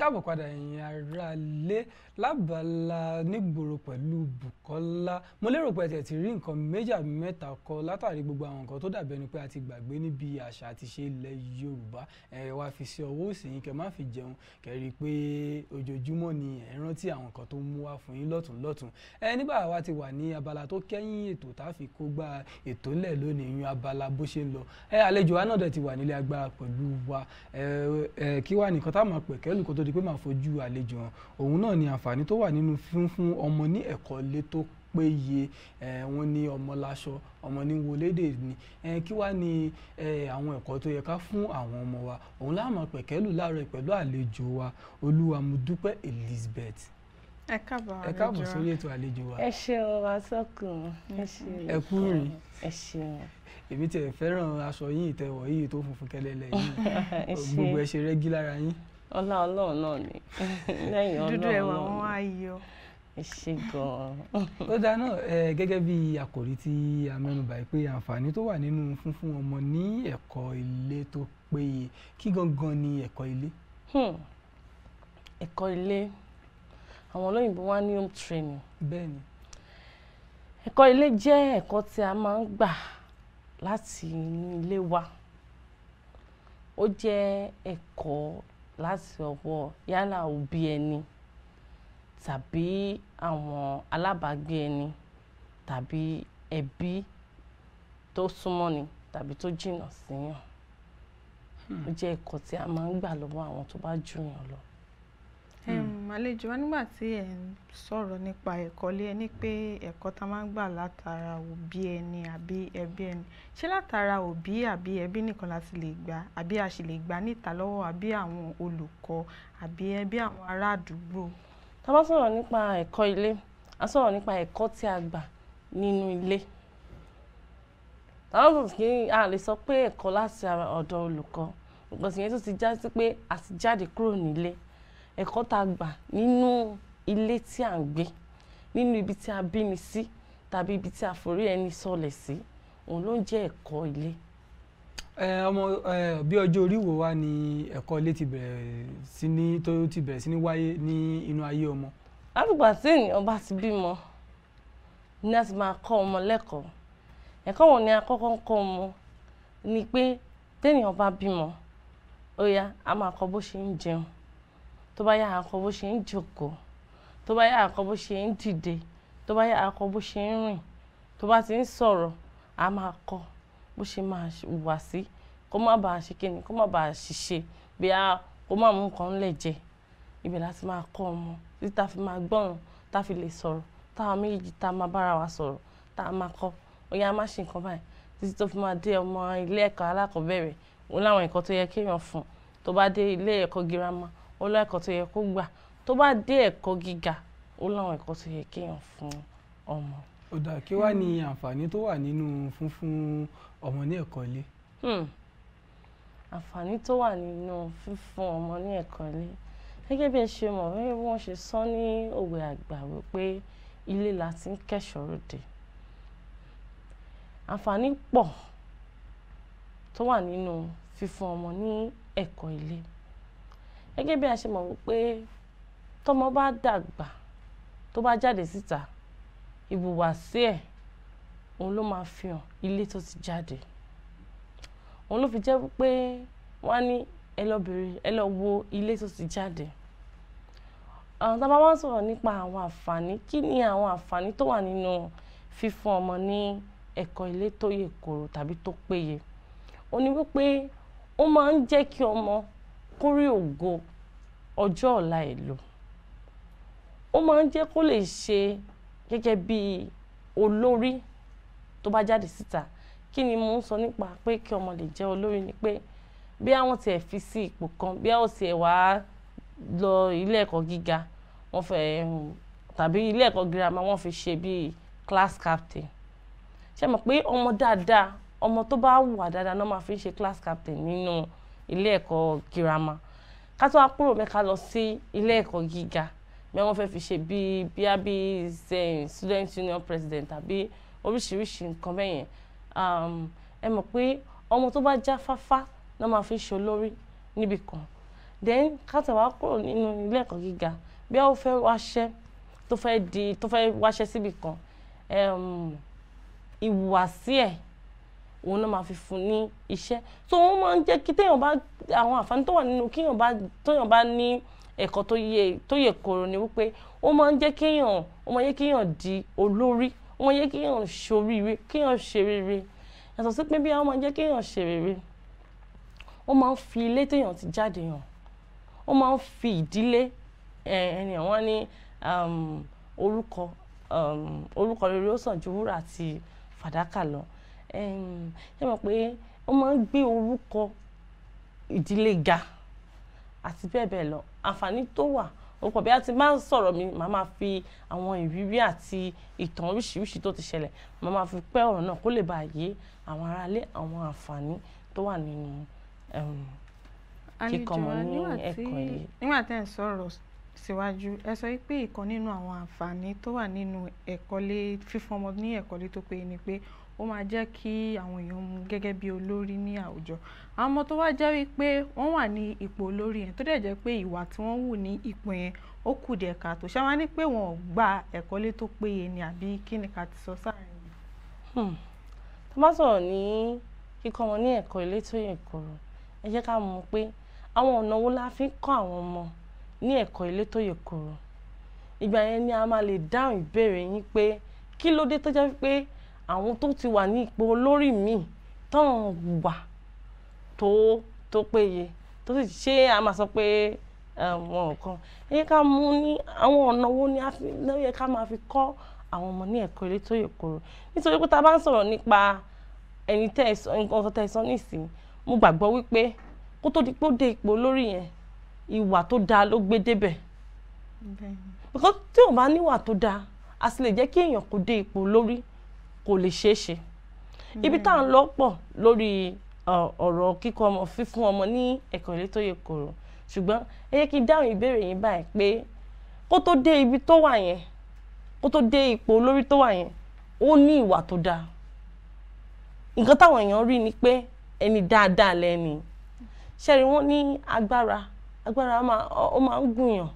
káàbọ̀ padà ẹ̀yin aráalé ilé lábala nígboro pẹ̀lú Bùkọ́lá mo lérò pé ẹ ti rí nǹkan méjì àbí mẹ́ta kọ látàrí gbogbo àwọn nǹkan tó dàbí ẹni pé a ti gbàgbé níbi àṣà àti ṣe ilẹ̀ Yorùbá ẹ wá fi sí ọwọ́ òsì yín kẹ má fi jẹun kẹ pé ojoojúmọ́ ni ẹ rántí àwọn nǹkan tó ń mú wá fún yín lọ́tún lọ́tún ẹ nígbà wa ti wà ní abala tó kẹ́yìn ètò tá a fi kó gba ètò lẹ̀ lónìí yún abala bó ṣe ń lọ ẹ àlejò wa ti wà nílé agbára pẹ̀lú wa ẹ ẹ kí wà nìkan tá a máa pẹ̀kẹ́lù kó òun náà ni àǹfààní tó wà nínú fífún ọmọ ní ẹ̀kọ́ lé tó péye wọ́n ní ọmọ láṣọ ọmọ ní wọlédè ni kí wá ni àwọn ẹ̀kọ́ tó yẹ ká fún àwọn ọmọ wa òun láàmú pẹ̀kẹ́lù láàárọ̀ pẹ̀lú àlejò wa olúwa mo dúpẹ́ Elizabeth ẹ káàbọ̀ sórí ètò àlejò wa. ẹ ṣeun asọ́kùn ẹ ṣeun ẹ kúrin ẹ ṣeun. èmi tiẹ̀ fẹ́ràn aṣọ yín ìtẹ̀wọ̀ yìí tó funfun kẹlẹ́lẹ̀ yìí gbogbo ẹ ṣe rẹ́gí lára yín ọlá ọlọ́run náà ni lẹ́yìn ọlọ́run náà dúdú ẹ̀wà wọn á yọ. ẹ ṣe gan-an. ó dáa náà gẹ́gẹ́ bí àkòrí tí a mẹ́nubà yìí pé àǹfààní tó wà nínú fúnfún ọmọ ní ẹ̀kọ́ ilé tó péye kí gangan ni ẹ̀kọ́ ilé. Hmm. ẹ̀kọ́ ilé àwọn olóyìnbó wá ní home training. bẹ́ẹ̀ni. ẹ̀kọ́ ilé jẹ́ ẹ̀kọ́ tí a máa ń gbà láti inú ilé wa ó jẹ́ ẹ̀kọ́ láti ọwọ́ yálà òbí ẹni tàbí àwọn alábàágbé ẹni tàbí ẹbí tó súnmọ́ ni tàbí tó jìnnà síyàn hmm. ó jẹ́ ẹ̀kọ́ tí a máa ń gbà lọ́wọ́ àwọn tó bá jù yàn lọ àlejò wa nígbà tí ẹ̀ ń sọ̀rọ̀ nípa ẹ̀kọ́ lé ẹni pé ẹ̀kọ́ ta máa ń gbà látara òbí ẹni àbí ẹbí ẹni. Ṣé látara òbí àbí ẹbí nìkan la ti lè gbà àbí a sì lè gbà níta lọ́wọ́ àbí àwọn olùkọ́ àbí ẹbí àwọn ará àdúgbò? Tá bá sọ̀rọ̀ nípa ẹ̀kọ́ ilé, a sọ̀rọ̀ nípa ẹ̀kọ́ tí a gbà nínú ilé. A lè sọ pé ẹ̀kọ́ láti ọ̀dọ̀ olùkọ́, because ẹ̀kọ́ tá a gbà nínú ilé tí à ń gbé nínú ibi tí a bí mi sí tàbí ibi tí a forí ẹni sọlẹ̀ sí òun ló ń jẹ́ ẹ̀kọ́ ilé. ọmọ bí ọjọ́ orí wo wá ni ẹ̀kọ́ ilé ti bẹ̀rẹ̀ sí ní tó ti bẹ̀rẹ̀ sí ní wáyé ní inú ayé ọmọ. látìgbà tí ènìyàn bá ti bímọ ni a ti máa kọ́ ọmọ lẹ́kọ̀ọ́ ẹ̀kọ́ wọn ni a kọ́kọ́ ń kọ́ ọmọ ni pé téèyàn bá bímọ ó yá a máa kọ́ bó ṣe ń jẹun tó bá yá àkọ́ bó ṣe ń jókòó tó bá yá àkọ́ bó ṣe ń dìde tó bá yá àkọ́ bó ṣe ń rìn tó bá ti ń sọ̀rọ̀ a máa kọ́ bó ṣe máa wà sí kó má bàa ṣe kíni kó má bàa ṣiṣẹ́ bí a kó má mú nǹkan lẹ̀ jẹ ibẹ̀ láti máa kọ́ ọmọ títí tá a fi máa gbọ́ràn tá a fi lè sọ̀rọ̀ táwa méjì tá a máa bára wa sọ̀rọ̀ tá a máa kọ́ oyè a máa ṣe nǹkan báyìí títí tó fi máa dé ọmọ ilé ẹ̀kọ́ alákọ̀ọ́bẹ̀rẹ̀ òun láwọn nǹkan tó yẹ kéèyàn fún tó bá dé ilé ẹ̀kọ́ girama ó lọ ẹ̀kọ́ tó yẹ kó gbà tó bá dé ẹ̀kọ́ gíga ó láwọn ẹ̀kọ́ tó yẹ kéèyàn fún ọmọ. ó dà kí wàá ní àǹfààní tó wà nínú fúnfún ọmọ ní ẹ̀kọ́ ilé. Hmm. àǹfààní tó wà nínú fífún ọmọ ní ẹ̀kọ́ ilé gẹ́gẹ́ bí ẹ ṣe mọ̀ gẹ́gẹ́ bí wọ́n ṣe sọ ní òwe àgbà wípé ilé la ti ń kẹ́ṣọ̀ọ́ ròde àǹfààní pọ̀ tó wà nínú fífún ọmọ ní ẹ̀kọ́ ilé gẹ́gẹ́ bí a ṣe mọ̀ wípé tọ́mọ bá dàgbà tó bá jáde síta ìbùwàsí ẹ̀ òun ló máa fi hàn ilé tó ti jáde òun ló fi jẹ́ pé wọ́n á ní ẹ lọ bèrè ẹ lọ wo ilé tó ti jáde àwọn tá a bá sọ̀rọ̀ nípa àwọn àǹfààní kí ni àwọn àǹfààní tó wà nínú fífún ọmọ ní ẹ̀kọ́ ilé tó yè kòrò tàbí tó péye ó ní wípé ó máa ń jẹ́ kí ọmọ kó rí ògo ọjọ́ ọ̀la ẹ̀ lò ó máa ń jẹ́ kó lè ṣe gẹ́gẹ́ bí olórí tó bá jáde síta kí ni mo ń sọ nípa pé kí ọmọ lè jẹ́ olórí ni pé bí àwọn tiẹ̀ fi sí ipò kan bí àwọn tiẹ̀ wá lọ ilé ẹ̀kọ́ gíga wọ́n fẹ́ ehm, tàbí ilé ẹ̀kọ́ girama wọ́n fi ṣe bíi class captain ṣe mọ̀ pé ọmọ dáadáa ọmọ tó bá wà dáadáa náà máa fi ṣe class captain nínú. No ilé ẹ̀kọ́ girama ká tó wá kúrò mẹ́ka lọ sí ilé ẹ̀kọ́ gíga mẹ́ wọ́n fẹ́ fi ṣe bíi bíá bíi student union president tàbí oríṣiríṣi nǹkan bẹ́yẹn ẹ mọ̀ pé ọmọ tó bá já fáfá náà máa fi ṣe olórí níbì kan then ká tó wá kúrò nínú ilé ẹ̀kọ́ gíga bí ó fẹ́ wáṣẹ́ tó fẹ́ di tó fẹ́ wáṣẹ́ síbì kan ìhùwàsí ẹ̀ òun náà máa fi fún ní iṣẹ́ so wọ́n máa ń jẹ́ kí téèyàn bá àwọn àǹfààní tó wà nínú kíyàn bá tóyàn bá ní ẹ̀kọ́ tó yẹ tó yẹ kóró ni wípé ó máa ń jẹ́ kéèyàn ó máa ń jẹ́ kéèyàn di olórí ó máa ń jẹ́ kéèyàn ṣoríire kéèyàn ṣe rere yàtọ̀ sí pé bí àwọn máa ń jẹ́ kéèyàn ṣe rere ó máa ń fi ilé téèyàn ti jáde hàn ó máa ń fi ìdílé ènìyàn wọn ní um, orúkọ um, orúkọ rere ó sàn ju wúrà àti fàdákà lọ ṣé mọ̀ pé ó máa ń gbé orúkọ ìdílé ga àti bẹ́ẹ̀ bẹ́ẹ̀ lọ àǹfààní tó wà orúkọ bí a ti máa ń sọ̀rọ̀ mi màá máa fi àwọn ìrírí àti ìtàn oríṣiríṣi tó ti ṣẹlẹ̀ màá máa fi pẹ́ ọ̀rọ̀ náà kó lè bàa yé àwọn aráalé àwọn àǹfààní tó wà nínú kíkọ́ ọmọ ní ẹ̀kọ́ yìí. nígbà tẹ́ ẹ̀ ń sọ̀rọ̀ síwájú ẹ sọ pé ìkan nínú àwọn àǹfààní tó wà nínú ẹ̀kọ́lé fífún ọmọ ní ẹ̀kọ́lé tó péye ni pé ó máa jẹ́ kí àwọn èèyàn mú gẹ́gẹ́ bí olórí ní àwùjọ. Àwọn ọmọ tó wá jẹ́ wípé wọ́n wà ní ipò olórí yẹn tó dẹ̀ jẹ́ pé ìwà tí wọ́n wù ní ipò yẹn ó kù díẹ̀ káàtò. Ṣé ní pé wọn ò gba ẹ̀kọ́ lé tó péye ni àbí kí ni ká ti sọ sáàrín yẹn? Hmm. bá sọ̀rọ̀ ní kíkọ́ wọn ní ẹ̀kọ́ ilé tó yè kooro, ẹ jẹ́ ká mọ̀ pé àwọn ọ̀nà wo la fi ń kọ́ àwọn ọmọ ní ẹ̀kọ́ ilé tó yè kooro. Ìgbà yẹn ni a máa lè dáhùn ìbéèrè yín pé kí ló tó jẹ́ wípé àwọn tó ti wà ní ipò olórí mi tán wà tó tó péye tó sì ṣe a máa sọ pé àwọn nǹkan ẹ ká mú ní àwọn ọ̀nà wo ni a fi lóye ká máa fi kọ́ àwọn ọmọ ní ẹ̀kọ́ ilé tó yẹ kóró nítorí pé tá a bá ń sọ̀rọ̀ nípa ẹni tẹ́ ẹ sọ nǹkan tẹ́ ẹ sọ nísìnyí mo gbàgbọ́ wípé kó tó di pé ó dé ipò olórí yẹn ìwà tó dáa ló gbé débẹ̀ because tí ò bá níwà tó dáa a sì lè jẹ́ kí èèyàn kó dé ipò olórí kò lè ṣeé ṣe ibi hmm. tá à ń lọ pọ̀ lórí ọ̀rọ̀ kíkọ́ ọmọ fífún ọmọ ní ẹ̀kọ́ ilé tó yẹ kòrò ṣùgbọ́n ẹ yẹ kí n dáhùn ìbéèrè yín báyìí pé kó tó dé ibi tó wà yẹn kó tó dé ipò olórí tó wà yẹn ó ní ìwà tó dáa nǹkan táwọn èèyàn rí ni pé ẹni dáadáa lẹ́ni ṣẹ́ni wọ́n ní agbára agbára ó máa ń gùnyàn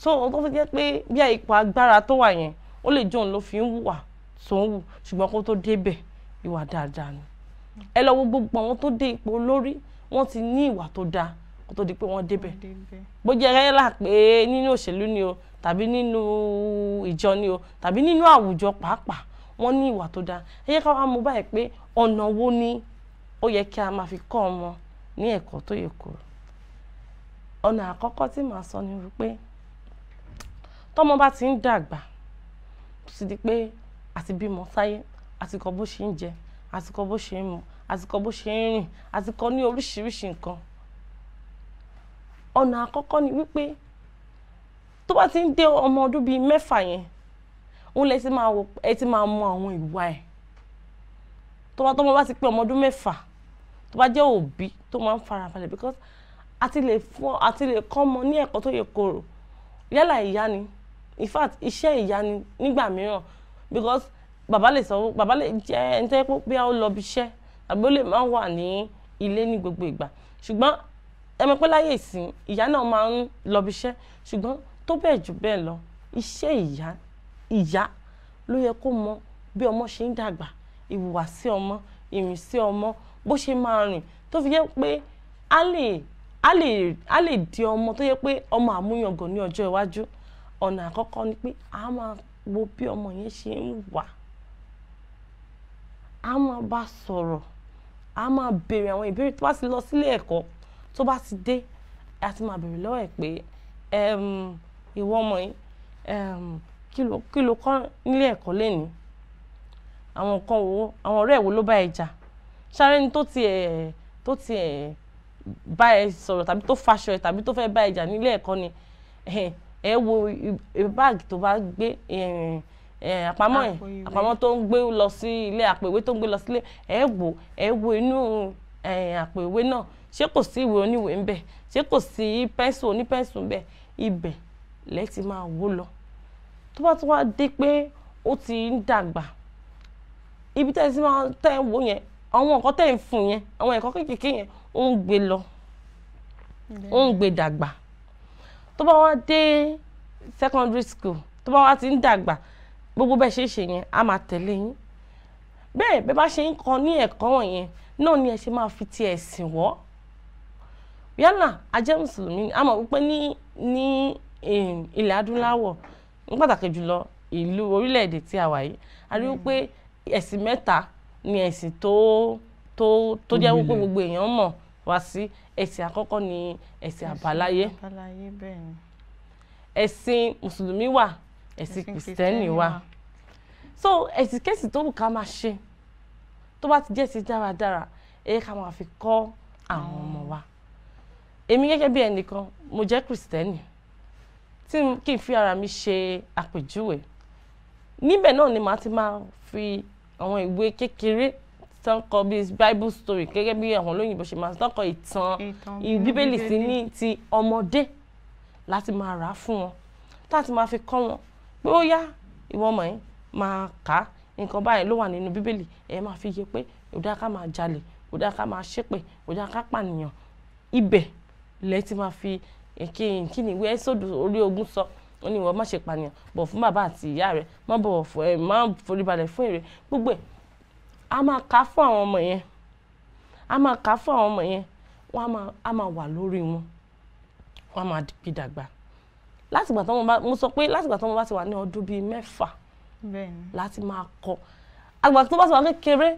so ó tó fi jẹ́ pé bí ipò agbára tó wà yẹn ó lè jóun ló fi ń wà Sanwó-Olú ṣùgbọ́n kó tó débẹ̀ ìwà dáadáa ni ẹ lọ wo gbogbo àwọn tó dé ipò olórí wọ́n ti ní ìwà tó dáa kó tó di pé wọ́n débẹ̀ bó jẹ́ ẹ là pé nínú òṣèlú ni o tàbí nínú ìjọ ni o tàbí nínú àwùjọ pàápàá wọ́n ní ìwà tó dáa ẹ yẹ ká wá mú báyìí pé ọ̀nà wo ni ó yẹ kí a máa fi kọ́ ọmọ ní ẹ̀kọ́ tó yẹ kó ọ̀nà àkọ́kọ́ tí màá sọ ni wípé tọ́mọ bá ti ń dàgbà tó sì di pé àti bímọ sáyé àtikọ bó ṣe ń jẹ àtikọ bó ṣe ń mu àtikọ bó ṣe ń rìn àtikọ ní oríṣiríṣi nǹkan ọ̀nà àkọ́kọ́ ni wípé tó bá ti ń dé ọmọ ọdún bíi mẹ́fà yẹn òun lẹ ti máa ẹ ti máa mọ àwọn ìwà ẹ̀ tó bá tọ́mọ bá ti pé ọmọ ọdún mẹ́fà tó bá jẹ́ òbí tó máa ń farabalẹ̀ because àti lè fún àti lè kọ́ ọmọ ní ẹ̀kọ́ tó yẹ kóró yálà ìyá ni in fact iṣẹ́ ìyá ni nígbà mìíràn because bàbá lè sọ bàbá lè jẹ́ ẹni tó pé bí a ó lọ bí iṣẹ́ àbí ó lè má wà ní ilé ní gbogbo ìgbà ṣùgbọ́n ẹmọ pé láyé ìsìn ìyá náà máa ń lọ bí iṣẹ́ ṣùgbọ́n tó bẹ́ẹ̀ jù bẹ́ẹ̀ lọ iṣẹ́ ìyá ìyá ló yẹ kó mọ bí ọmọ ṣe ń dàgbà ìhùwàsí ọmọ ìrìnsí ọmọ bó ṣe máa rìn tó fi yẹ pé a lè a lè a lè di ọmọ tó yẹ pé ọmọ àmúyangàn ní ọjọ́ iwájú ọ̀nà àkọ́kọ́ ni pé a máa wo bí ọmọ yẹn ṣe ń wà á máa bá sọ̀rọ̀ á máa béèrè àwọn ìbéèrè tó bá ti lọ sílé ẹ̀kọ́ tó bá ti dé a ti máa béèrè lọ́wọ́ ẹ̀ pé ìwọ ọmọ yìí kí ló kọ́ nílé ẹ̀kọ́ lẹ́ni àwọn nǹkan wo àwọn ọ̀rẹ́ wo ló bá ẹ jà ṣáré ni tó ti ẹ̀ tó ti ẹ̀ bá ẹ sọ̀rọ̀ tàbí tó faṣọ ẹ tàbí tó fẹ́ bá ẹ jà nílé ẹ̀kọ́ ni ẹ wo báàgì tó bá gbé àpamọ́ ẹ̀ àpamọ́ tó ń gbé lọ sí ilé àpò ìwé tó ń gbé lọ sílé ẹ wò ẹ wo inú àpò ìwé náà ṣé kò sí ìwé oníwèé ń bẹ ṣé kò sí pẹ́ńsù onípẹ́ńsù ń bẹ ibẹ̀ lẹ́ ti máa wó lọ tó bá tún wá dé pé ó ti ń dàgbà ibi tẹ́ ẹ sì máa tẹ́ ẹ wò yẹn àwọn nǹkan tẹ́ ẹ ń fún yẹn àwọn ẹ̀kọ́ kékeré yẹn ó ń gbé lọ ó ń gbé dàgbà tó bá wá dé secondary school tó bá wá ti ń dàgbà gbogbo bẹ́ẹ̀ ṣe é ṣe yẹn a máa tẹ̀lé yín bẹ́ẹ̀ bẹ́ẹ̀ bá ṣe ń kọ́ ní ẹ̀kọ́ wọ̀nyẹn náà ni ẹ ṣe máa fi ti ẹ̀sìn wọ́ yálà ajẹ́ mùsùlùmí a mọ̀ wípé ní ní ehm, ilẹ̀ adúláwọ̀ ní pàtàkì jùlọ ìlú orílẹ̀-èdè tí a wà yìí a rí wípé ẹ̀sìn mẹ́ta ni ẹ̀sìn tó tó tó jẹ́ wípé gbogbo èèyàn mọ̀ wá sí ẹ̀sìn àkọ́kọ́ ni ẹ̀sìn àbáláyé ẹ̀sìn mùsùlùmí wà ẹ̀sìn kìrìsìtẹ́nì wà so ẹ̀sìn kẹ́sì tó wù ká máa ṣe tó bá ti jẹ́ ẹ̀sìn dáradára ẹ̀yẹ ká máa fi kọ́ àwọn ọmọ wa èmi gẹ́gẹ́ bí ẹnìkan mo jẹ́ kìrìsìtẹ́nì tí kì í fi ara mi ṣe àpèjúwe níbẹ̀ náà ni màá ti máa fi àwọn ìwé kékeré tán kọ bí bible story gẹ́gẹ́ bí àwọn olóyìnbó ṣe máa tán kọ ìtàn bíbélì sí ní ti ọmọdé láti máa rà á fún wọn láti máa fi kọ́ wọn pé ó yá ìwọ ọmọ yẹn máa kà á nǹkan báyìí ló wà nínú bíbélì ẹ máa fi yé pé ó dá ká máa jalè ó dá ká máa ṣépè ó pànìyàn ibẹ̀ lẹ́ẹ̀ ti máa fi kí ni ìwé ẹ́sọ́dù orí ogún sọ ó ní ìwọ má ṣe pànìyàn bọ̀ fún bàbá àti ìyá rẹ̀ má bọ̀wọ̀ fún ẹ má foríbalẹ̀ fún èrè gbogbo ẹ̀ a máa kà á fún àwọn ọmọ yẹn a máa kà fún àwọn ọmọ yẹn wọ́n á máa wà lórí wọn wọ́n á máa fi dàgbà látìgbà tí wọ́n bá mo sọ pé látìgbà tí wọ́n bá ti wà ní ọdún bíi mẹ́fà láti máa kọ́ àgbà tí wọ́n bá ti wà kékeré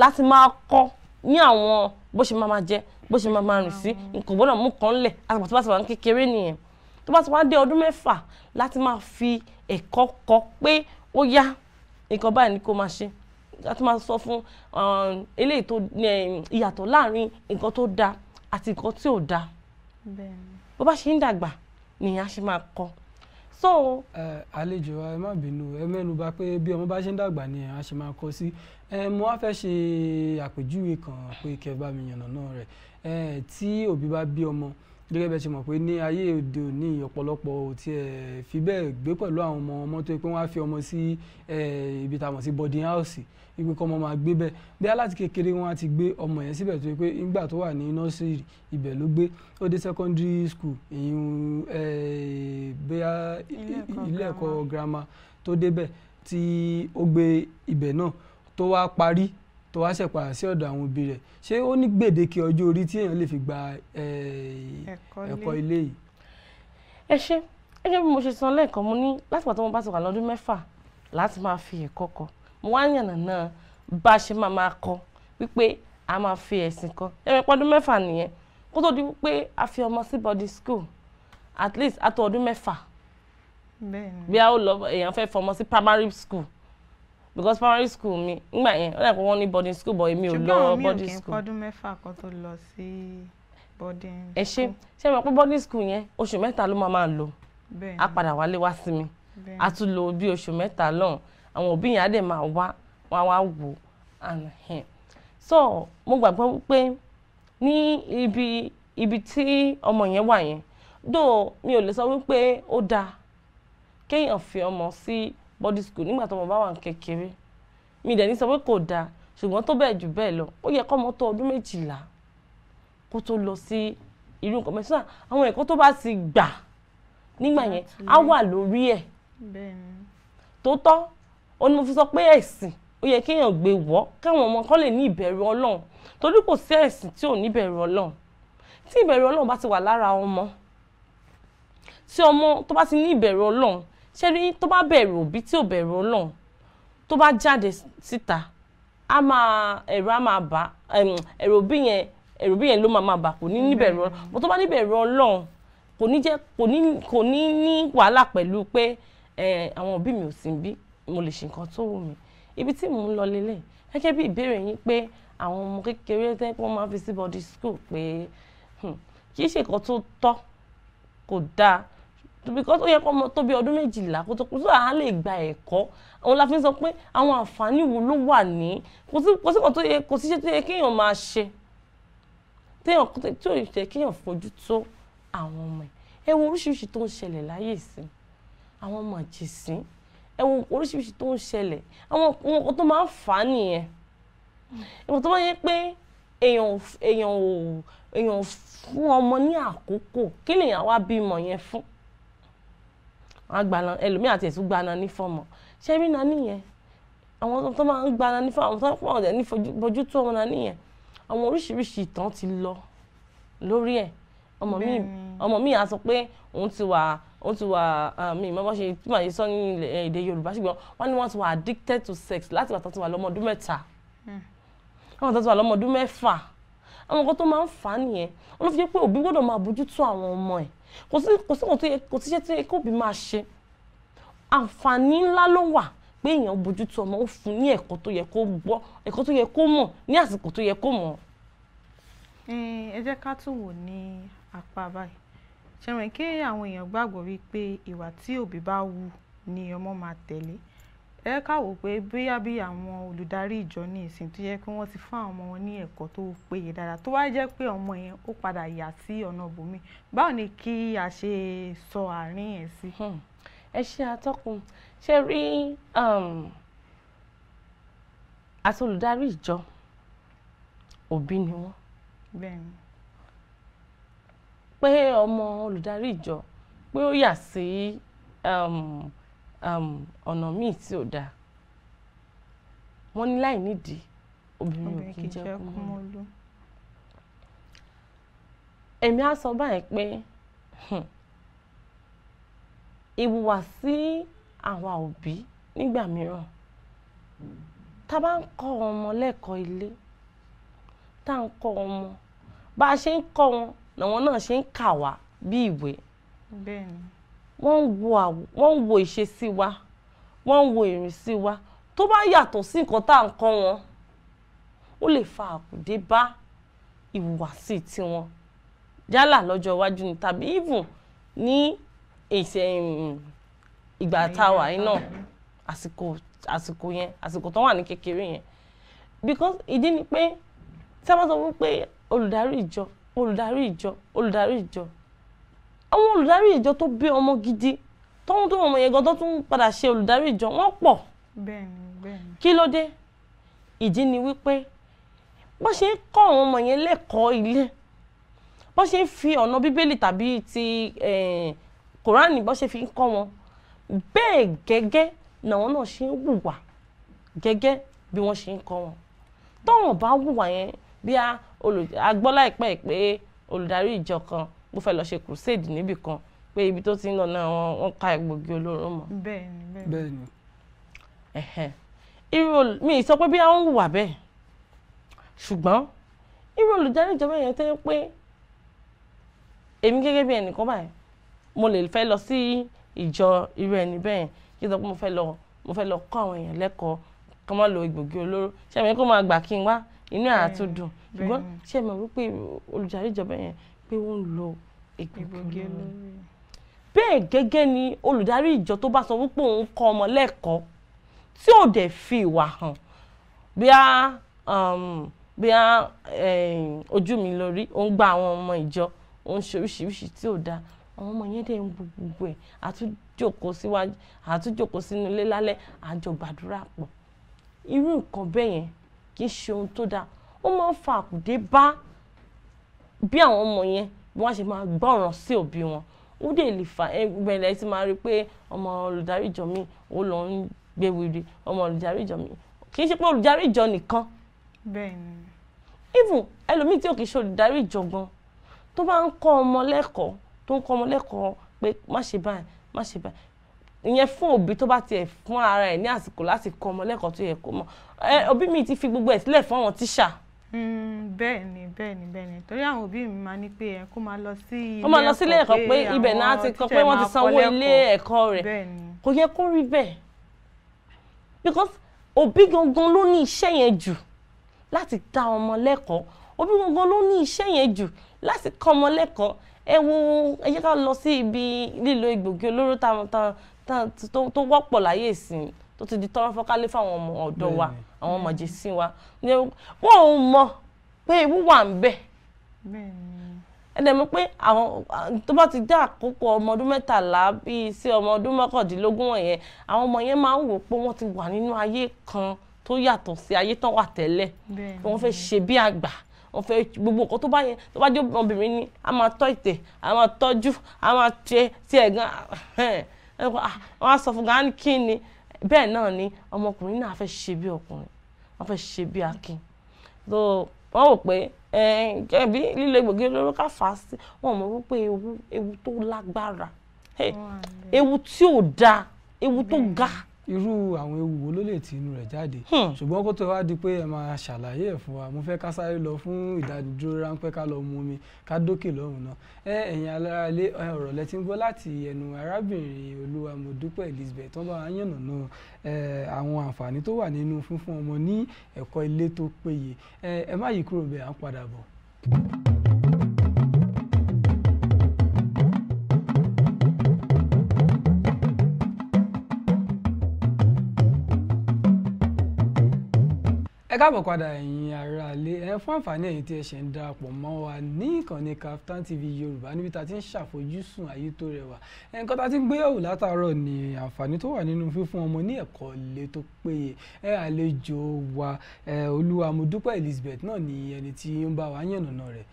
láti máa kọ́ ní àwọn bó ṣe máa máa jẹ bó ṣe máa máa rìn sí nǹkan gbọ́dọ̀ mú kan lẹ̀ àgbà tó bá ti wà ní kékeré nìyẹn tó bá ti wá dé ọdún mẹ́fà láti máa fi ẹ̀kọ́ kọ́ pé ó yá nǹkan báyìí ni kó máa ṣe a tún máa sọ fún um, eléyìí tó um, ìyàtọ̀ láàrin nǹkan tó dáa àti nǹkan tí ò dáa bó bá ṣe ń dàgbà nìyẹn á ṣe máa kọ́ so. ẹ àlejò ẹ má bínú ẹ mẹ́nu bà pé bí ọmọ bá ṣe ń dàgbà ni a ṣe máa kọ sí mo wá fẹ́ ṣe àpèjúwe kan pé kẹ́ bá mi yànnàná rẹ̀ tí òbí bá bí ọmọ gẹ́gẹ́ bẹ́ẹ̀ ṣe mọ̀ pé ní ayé òde òní ọ̀pọ̀lọpọ̀ ò tiẹ̀ fi bẹ́ẹ̀ gbé pẹ̀lú àwọn ọmọ ọmọ tó yẹ pé wọ́n á fi ọmọ sí ibi tàmọ̀ sí boarding house ibi kọ́ ọmọ máa gbé bẹ́ẹ̀ bí aláti kékeré wọn á ti gbé ọmọ yẹn síbẹ̀ tó yẹ pé nígbà tó wà ní nursery ibẹ̀ ló gbé ó dé secondary school ìyún bóyá ilé ẹ̀kọ́ girama tó débẹ̀ tí ó gbé ibẹ̀ náà tó wá parí tó wá ṣẹ̀ padà sí ọ̀dọ̀ àwọn òbí rẹ̀ ṣé ó ní gbèdéke ọjọ́ orí tí èèyàn lè fi gba ẹ̀kọ́ ilé yìí. ẹ ṣe gẹ́gẹ́ bí mo ṣe sọ lẹ́ẹ̀kan mo ní láti pàtó mo bá ti wà lọ́dún mẹ́fà láti máa fi ẹ̀kọ́ kọ mo wá yànnà náà bá a ṣe máa máa kọ wípé a máa fi ẹ̀sìn kọ ẹ̀mí pọ́dún mẹ́fà nìyẹn kó tó di wípé a fi ọmọ sí body school at least a tó ọdún mẹ́fà bí a ó lọ èèyàn fẹ́ fọmọ sí primary school because primary school mi ngbà yẹn ó dàgbà wọn ní boarding school but èmi ò lọ boarding school. ṣùgbọ́n mi ò kí n kọ́dún mẹ́fà kan tó lọ sí boarding school. ẹ ṣe ṣe mọ̀ pé boarding school yẹn oṣù mẹ́ta ló máa máa lò á padà wálé wá sí mi á tún lò bí oṣù mẹ́ta lọ́hùn àwọn òbí yẹn á dẹ̀ máa wá wá wá wò ó so mo gbàgbọ́ pé ní ibi ibi tí ọmọ yẹn wà yẹn dó mi ò lè sọ wípé ó dáa kéèyàn fi ọmọ sí. Si, body school nígbà tọmọ bá wà ní kékeré mi dẹ̀ ní sọ pé kò dáa ṣùgbọ́n tó bẹ́ẹ̀ jù bẹ́ẹ̀ lọ ó yẹ kọ́mọ tó ọdún méjìlá kó tó lọ sí irú nǹkan mẹ́sàn-án àwọn ẹ̀kọ́ tó bá ti gbà nígbà yẹn á wà lórí ẹ̀ tó tọ́ ó ní mo fi sọ pé ẹ̀sìn ó yẹ kéèyàn gbé wọ́ káwọn ọmọ kan lè ní ìbẹ̀rù ọlọ́run torí kò sí ẹ̀sìn tí ò ní ìbẹ̀rù ọlọ́run tí ìbẹ̀rù ọlọ́run bá ti wà lára ọmọ tí ọmọ tó bá ti ní ìbẹ̀rù ọlọ́run ṣe rí tó bá bẹ̀rù òbí tí ò bẹ̀rù ọlọ́run tó bá jáde síta a máa ẹ̀rù a máa bà ẹ̀rù òbí yẹn ẹ̀rù òbí yẹn ló máa máa bà kò ní níbẹ̀rù ọlọ́run bó tó bá níbẹ̀rù ọlọ́run kò ní jẹ́ kò ní ní wàhálà pẹ̀lú pé àwọn òbí mi ò sí bí mo lè ṣe nǹkan tó wù mí ibi tí mò ń lọ lélẹ̀ gẹ́gẹ́ bí ìbéèrè yín pé àwọn ọmọ kékeré tẹ́ wọ́n máa fi sí body school pé hmm, kì í ṣe nǹkan tó tọ́ kò dáa because ó yẹ kó ọmọ tó bí ọdún méjìlá kó tó kó tó àá lè gba ẹ̀kọ́ òun la fi ń sọ pé àwọn àǹfààní wo ló wà ní kò sí kò sí kò tó yẹ kò sí ṣe tó yẹ kéèyàn máa ṣe téèyàn tó yẹ kéèyàn fojú tó àwọn ọmọ ẹ ẹ wo oríṣiríṣi tó ń ṣẹlẹ̀ láyé ìsìn àwọn ọmọ àjèsìn ẹ wo oríṣiríṣi tó ń ṣẹlẹ̀ àwọn ohun tó máa ń fà á nìyẹn ìwọ̀n tó bá yẹ pé èèyàn èèyàn ò èèyàn fún ọmọ ní àkókò kí lèèyàn wá bímọ yẹn fún wọn á gbaná ẹlòmíì àti ẹ̀sùn gbaná ní fọ́ọ̀mù ṣé rí náà nìyẹn àwọn tó máa ń gbaná ní fọ́ọ̀mù tó pọ̀ ọ̀dẹ̀ ní fojú tó wọn náà nìyẹn àwọn oríṣiríṣi ìtàn ti lọ lórí ẹ̀ ọmọ mi ọmọ mi á sọ pé òun ti wà ó ti wà mi ìmọ̀ bá ṣe tí màá ṣe sọ ní èdè Yorùbá ṣùgbọ́n wọ́n ní wọ́n ti wà addicted to sex láti wà tó ti wà lọ́mọ ọdún mẹ́ta hmm. àwọn tó ti wà lọ́mọ ọdún mẹ́fà àwọn nǹkan tó máa ń fà á nìyẹn olófin jẹ́ pé òbí gbọ́dọ̀ máa bójú tó àwọn ọmọ ẹ̀ kò sí kò sí kò tó yẹ kò tíṣẹ́ tó yẹ kó bí máa ṣe àǹfààní ńlá ló wà pé èèyàn bójútó ọmọ ó fún ní ẹ̀kọ́ tó yẹ kó gbọ́ ẹ̀kọ́ tó yẹ kó mọ̀ ní àsìkò tó yẹ kó mọ̀. ẹ jẹ́ ká tún wò ní apá báyìí ṣẹ̀wọ̀n kí àwọn èèyàn gbàgbọ́ wípé ìwà tí òbí bá wù ni ọmọ máa tẹ̀lé ẹ káwò pé bóyá bí àwọn olùdarí ìjọ ní ìsìn tó yẹ kí wọ́n ti fún àwọn ọmọ wọn ní ẹ̀kọ́ tó péye dáadáa tó wá jẹ́ pé ọmọ yẹn ó padà yà sí ọ̀nà bòmí báwo ni kí a ṣe sọ àárín ẹ̀ sí. Hmm. ẹ ṣe atọ́kùn ṣe rí um, àti olùdarí ìjọ òbí ni wọ́n pé ọmọ olùdarí ìjọ pé ó yà sí. Um, Um, ọ̀nà míì tí ò dáa wọ́n ní láì nídìí obìnrin ò kì í jẹ́ kúmọ́lú. èmi á sọ báyìí pé hmm, ìhùwàsí àwa òbí nígbà mìíràn tá a bá ń kọ́ ọmọ lẹ́kọ̀ọ́ ilé tá à ń kọ́ ọmọ bá a ṣe ń kọ́ wọn làwọn náà ṣe ń kà wá bí ìwé. bẹ́ẹ̀ ni wọ́n ń wo wọ́n ń wo ìṣesí wa wọ́n ń wo ìrìnsí wa tó bá yàtọ̀ sí nǹkan tá à ń kọ́ wọn ó lè fa àkùdé bá ìhùwàsí tiwọn yálà lọ́jọ́ iwájú ni tàbí even ní ìgbà táwa yìí náà àsìkò àsìkò yẹn àsìkò tó wà ní kékeré yẹn because ìdí ni pé tí a bá sọ fún pé olùdarí ìjọ olùdarí ìjọ olùdarí ìjọ àwọn olùdarí ìjọ tó bí ọmọ gidi tọ́hún tó ọmọ yẹn gan tó tún padà ṣe olùdarí ìjọ wọ́n pọ̀ kí ló dé ìdí ni wípé bó ṣe ń kọ́ àwọn ọmọ yẹn lẹ́kọ̀ọ́ ilé bó ṣe ń fi ọ̀nà bíbélì tàbí ti kòránì bó ṣe fi ń kọ́ wọn bẹ́ẹ̀ gẹ́gẹ́ làwọn náà ṣe ń hùwà gẹ́gẹ́ bí wọ́n ṣe ń kọ́ wọn tọ́wọ̀n bá hùwà yẹn bí a gbọ́ olùdarí ìjọ kan bó fẹ́ lọ ṣe crusade níbì kan pé ibi tó ti ń lọ náà wọ́n ká egbògi olóró mọ́. bẹ́ẹ̀ni bẹ́ẹ̀ni. irú mi sọ pé bí àwọn wà bẹ́ẹ̀ ṣùgbọ́n irú olùdarí ìjọba yẹn tẹ́ pé èmi gẹ́gẹ́ bí ẹnìkan báyìí mo lè fẹ́ lọ sí ìjọ irú ẹni bẹ́ẹ̀ kí n sọ pé mo fẹ́ lọ mo fẹ́ lọ kọ́ àwọn èèyàn lẹ́kọ̀ọ́ kí wọ́n lo egbògi olóró ṣé mi kó máa gbà kí n wá inú àtúndùn ṣùgbọ́n ṣé mi rú pé olùdarí ìjọba yẹn pé ó ń lo ìgbòkè olórí. bẹ́ẹ̀ gẹ́gẹ́ ni olùdarí ìjọ tó bá sọ wípé òun kọ́ ọmọ lẹ́kọ̀ọ́ tí ò dẹ̀ fi ìwà hàn bí a bí a ojú mi lórí òun gba àwọn ọmọ ìjọ òun ṣe oríṣiríṣi tí ò dáa àwọn ọmọ yẹn dẹ̀ ń bu gbogbo ẹ̀ àtúnjòkó sínú ilé lálẹ́ àjọ gbàdúrà pọ̀ irú nǹkan bẹ́ẹ̀ yẹn kì í ṣe ohun tó dáa ó máa ń fa àkùdé bá bí àwọn ọmọ yẹn wọ́n ṣe máa gbọ́ràn sí òbí wọn ó dè lè fà ẹgbẹ̀rẹ̀ tí máa rí pé ọmọ olùdarí ìjọ mi ó lọ ń gbé wiri ọmọ olùdarí ìjọ mi kì í ṣe pé olùdarí ìjọ nìkan. bẹ́ẹ̀ni. even ẹlòmíì tí ò kì í ṣe olùdarí ìjọ gan tó bá ń kọ́ ọmọ lẹ́kọ̀ọ́ tó ń kọ́ ọmọ lẹ́kọ̀ọ́ pé má ṣe báyìí má ṣe báyìí ìyẹn fún òbí tó bá tiẹ̀ fún ara ẹ̀ ní àsìkò láti kọ́ ọmọ lẹ́kọ̀ọ́ tó yẹ kó mọ̀ òbí mi ti fi gbogbo ẹ̀ sílẹ̀ fún àwọn tíṣà. Mm, bẹ́ẹ̀ni bẹ́ẹ̀ni bẹ́ẹ̀ni torí àwọn òbí mi máa ní pé ẹ kó máa lọ sí ilé ẹ̀kọ́ ó máa lọ sí ilé ẹ̀kọ́ pé ibẹ̀ náà ti kọ pé wọ́n ti sanwó ilé ẹ̀kọ́ rẹ̀ kò yẹ kó rí bẹ́ẹ̀ because òbí gangan ló ní iṣẹ́ yẹn jù láti dá ọmọ lẹ́kọ̀ọ́ òbí gangan ló ní iṣẹ́ yẹn jù láti kọ́ ọmọ lẹ́kọ̀ọ́ ẹ wo ẹ ká lọ sí ibi lílo egbògi olóró tó wọ́pọ̀ láyé ìsìn tó ti di tọrọ fọkálé fáwọn ọmọ ọ̀dọ́ wa àwọn ọmọ jèsí wa wọn ò mọ pé ewu wà ń bẹ ẹnlẹ mi pé àwọn tó bá ti dá àkókò ọmọ ọdún mẹ́tàlá bíi sí ọmọ ọdún mọ́kàndínlógún wọ̀nyẹn àwọn ọmọ yẹn máa ń wò pé wọ́n ti wà nínú ayé kan tó yàtọ̀ sí ayé tán wà tẹ́lẹ̀ pé wọ́n fẹ́ ṣe bí àgbà wọ́n fẹ́ gbogbo nǹkan tó bá yẹn tó bá jẹ́ obìnrin ni a máa tọ́ ìtẹ̀ a máa tọ́jú a máa tẹ tiẹ̀ gan-an ah, wọ́n á sọ fún gan kí ni bẹ́ẹ̀ náà ni ọmọkùnrin náà fẹ́ ṣe bí ọkùnrin wọ́n fẹ́ ṣe bí akin tó wọ́n wò pé ẹ̀ẹ́dẹ́bí lílo egbògi olóró ká fà á sí wọ́n mọ̀ wípé ewu ewu tó lágbára ewu tí ò dáa ewu tó ga. Mm -hmm irú àwọn ewu wo ló lè ti inú rẹ̀ jáde hmm. ṣùgbọ́n kó tó wá di pé ẹ máa ṣàlàyé ẹ̀ fún wa mo fẹ́ ká sáré lọ fún ìdádúró ráńpẹ́ ká lọ mu omi ká dókè lọ́hùn náà ẹ ẹ̀yin aláralé ọ̀rọ̀ lẹ ti ń gbọ́ láti ẹnu arábìnrin Olúwamodúpẹ́ Elizabeth tó bá wa yànnàná àwọn àǹfààní tó wà nínú fúnfún ọmọ ní ẹ̀kọ́ ilé tó péye ẹ má yí kúrò bẹ́ẹ̀ à ń padà bọ̀. ẹ káàbọ̀ padà ẹ̀yin aráalé ẹ fún àǹfààní ẹ̀yin tí ẹ ṣẹ̀ ń darapọ̀ mọ́ wa ní ìkànnì Kaftan TV Yorùbá níbi tá a ti ń ṣàfojúsùn ayé tó rẹwà nǹkan tá a ti ń gbéyàwó látàárọ̀ ni àǹfààní tó wà nínú fífún ọmọ ní ẹ̀kọ́ ilé tó péye ẹ àlejò wa Olúwamodúpẹ́ Elizabeth náà ni ẹni tí ó ń bá wa yànnàná rẹ̀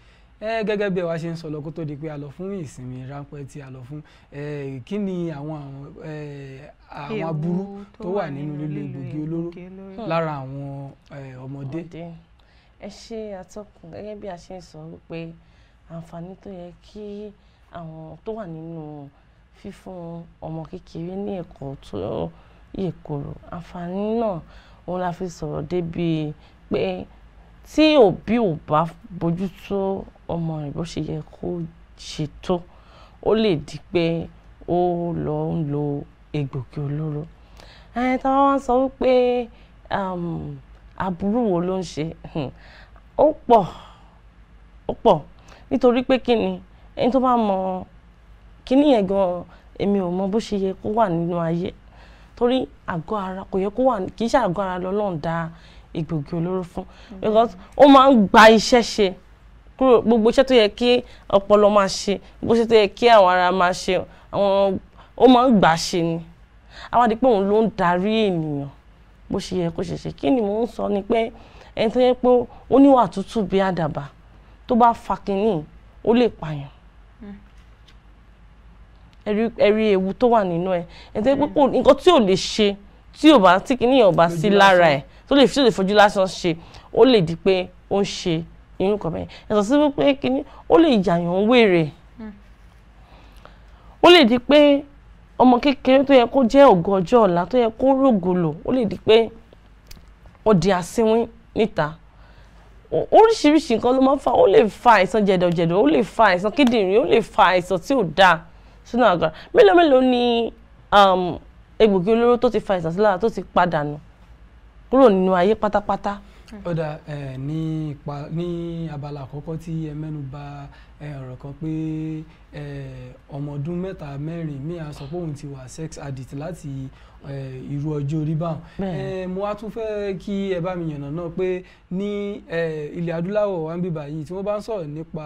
gẹ́gẹ́ bí ẹ wá ṣe ń sọ lọ kó tó di pé a lọ fún ìsinmi ráńpẹ́ tí a lọ fún kí ni àwọn àwọn aburú tó wà nínú lílo egbògi olóró hmm. lára àwọn ọmọdé. ẹ ṣe atọ́kùn gẹ́gẹ́ bí a ṣe ń sọ wípé àǹfààní tó yẹ kí àwọn tó wà nínú fífún ọmọ kékeré ní ẹ̀kọ́ tó yè koro àǹfààní náà òun la fi sọ̀rọ̀ débi pé tí òbí ò bá bójú tó ọmọ rẹ̀ bó ṣe yẹ kó ṣe tó ó lè di pé ó lọ ń lo egbògi olóró ẹni tí wọ́n sọ wípé um, aburú wo ló ń ṣe ó pọ̀ ó pọ̀ nítorí pé kí ni ẹni tó bá mọ kíní yẹn gan èmi ò mọ bó ṣe yẹ kó wà nínú ayé torí àgọ́ ara kò yẹ kó wà kì í ṣe àgọ́ ara lọ́lọ́run dá egbògi olóró fún mm-hmm. because ó máa ń gba iṣẹ́ ṣe kúrò gbogbo iṣẹ́ tó yẹ kí ọpọlọ máa ṣe gbogbo iṣẹ́ tó yẹ kí àwọn ara máa ṣe àwọn ó máa ń gbà ṣe ni àwọn àdìpọ̀ òun ló ń darí ènìyàn bó ṣe yẹ kó ṣe ṣe kí ni mò ń sọ ni pé ẹni tó yẹ pé ó níwà tútù bí àdàbà tó bá fa kínní ó lè pààyàn ẹ̀rí ewu tó wà nínú ẹ̀ ẹni tó yẹ pé nǹkan tí ò lè ṣe tí ò bá tí kínní ò bá sí lára ẹ̀ tó lè fojú lásán ṣe ó lè di pé ó ń ṣe irú kan bẹ́ẹ̀ yàtọ̀ sí wípé kíní ó lè jàyàn wèrè ó lè di pé ọmọ kékeré tó yẹ kó jẹ́ ògo ọjọ́ ọ̀la tó yẹ kó rògòlò ó lè di pé ó di asínwín níta oríṣiríṣi nǹkan ló máa ń fa ó lè fa àìsàn jẹ̀dọ̀jẹ̀dọ̀ ó lè fa àìsàn kíndìnrín ó lè fa àìsàn tí ò dáa sínú àgọ́ mélòó mélòó ni um, egbògi olóró tó ti fa àìsàn sílára tó ti padà nù kúrò nínú ayé pátápátá ó dá ní ipa ní abala àkọ́kọ́ tí ẹ mẹ́nu bà ọ̀rọ̀ kan pé ọmọ ọdún mẹ́ta mẹ́rin mi à sọ pé òun ti wà sex addict láti irú ọjọ́ orí báwọn mo wá tún fẹ́ kí ẹ bá mi yànnà náà pé ní ilẹ̀ adúláwọ̀ wa ń bíbá yìí tí wọ́n bá ń sọ̀rọ̀ nípa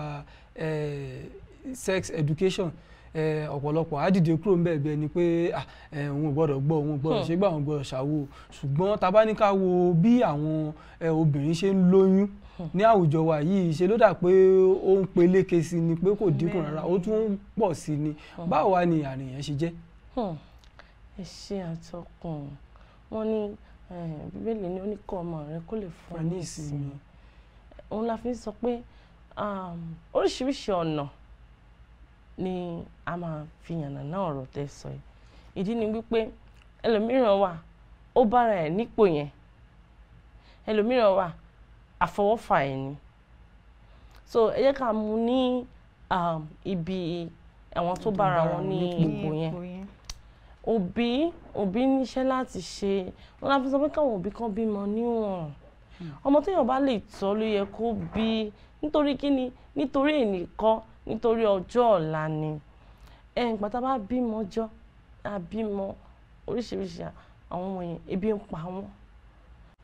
sex education ọ̀pọ̀lọpọ̀ á dìde kúrò ńbẹ̀ bẹ́ẹ̀ ni pé òun ò gbọ́dọ̀ gbọ́ òun ò gbọ́dọ̀ ṣe gbà òun gbọ́dọ̀ ṣàwo ṣùgbọ́n tá bá ní wo bí àwọn obìnrin ṣe ń lóyún ní àwùjọ wa yìí ṣe ló dà pé ó ń peléke sí ni pé kò dínkù rárá ó tún ń pọ̀ sí ni báwo wá ni àrùn yẹn ṣe jẹ́. Hmm. ẹ ṣe àtọkùn wọn ní bíbélì ni ó ní kọ ọmọ rẹ kó lè fún ọ ní ìsinmi òun la fi sọ pé oríṣiríṣi ọ̀nà ni a máa fi yànnàná ọ̀rọ̀ tẹ́ sọ yìí ìdí ni wípé ẹlòmíràn wà ó bára ẹ̀ nípò yẹn ẹlòmíràn wà àfọwọ́fà ẹ̀ ni so ẹ jẹ́ ká mú ní um, ibi àwọn tó bára wọn ní ipò yẹn òbí òbí níṣẹ́ láti ṣe wọn láti sọ pé káwọn òbí kan bímọ níwọ̀n hmm. ọmọ téèyàn bá lè tọ́ ló yẹ kó bí nítorí kíni nítorí ẹnìkan nítorí ọjọ́ ọ̀la ni ẹ̀ǹgbà tá a bá bímọ jọ́ a bímọ oríṣiríṣi àwọn wọ̀nyí ebi ń pa wọ́n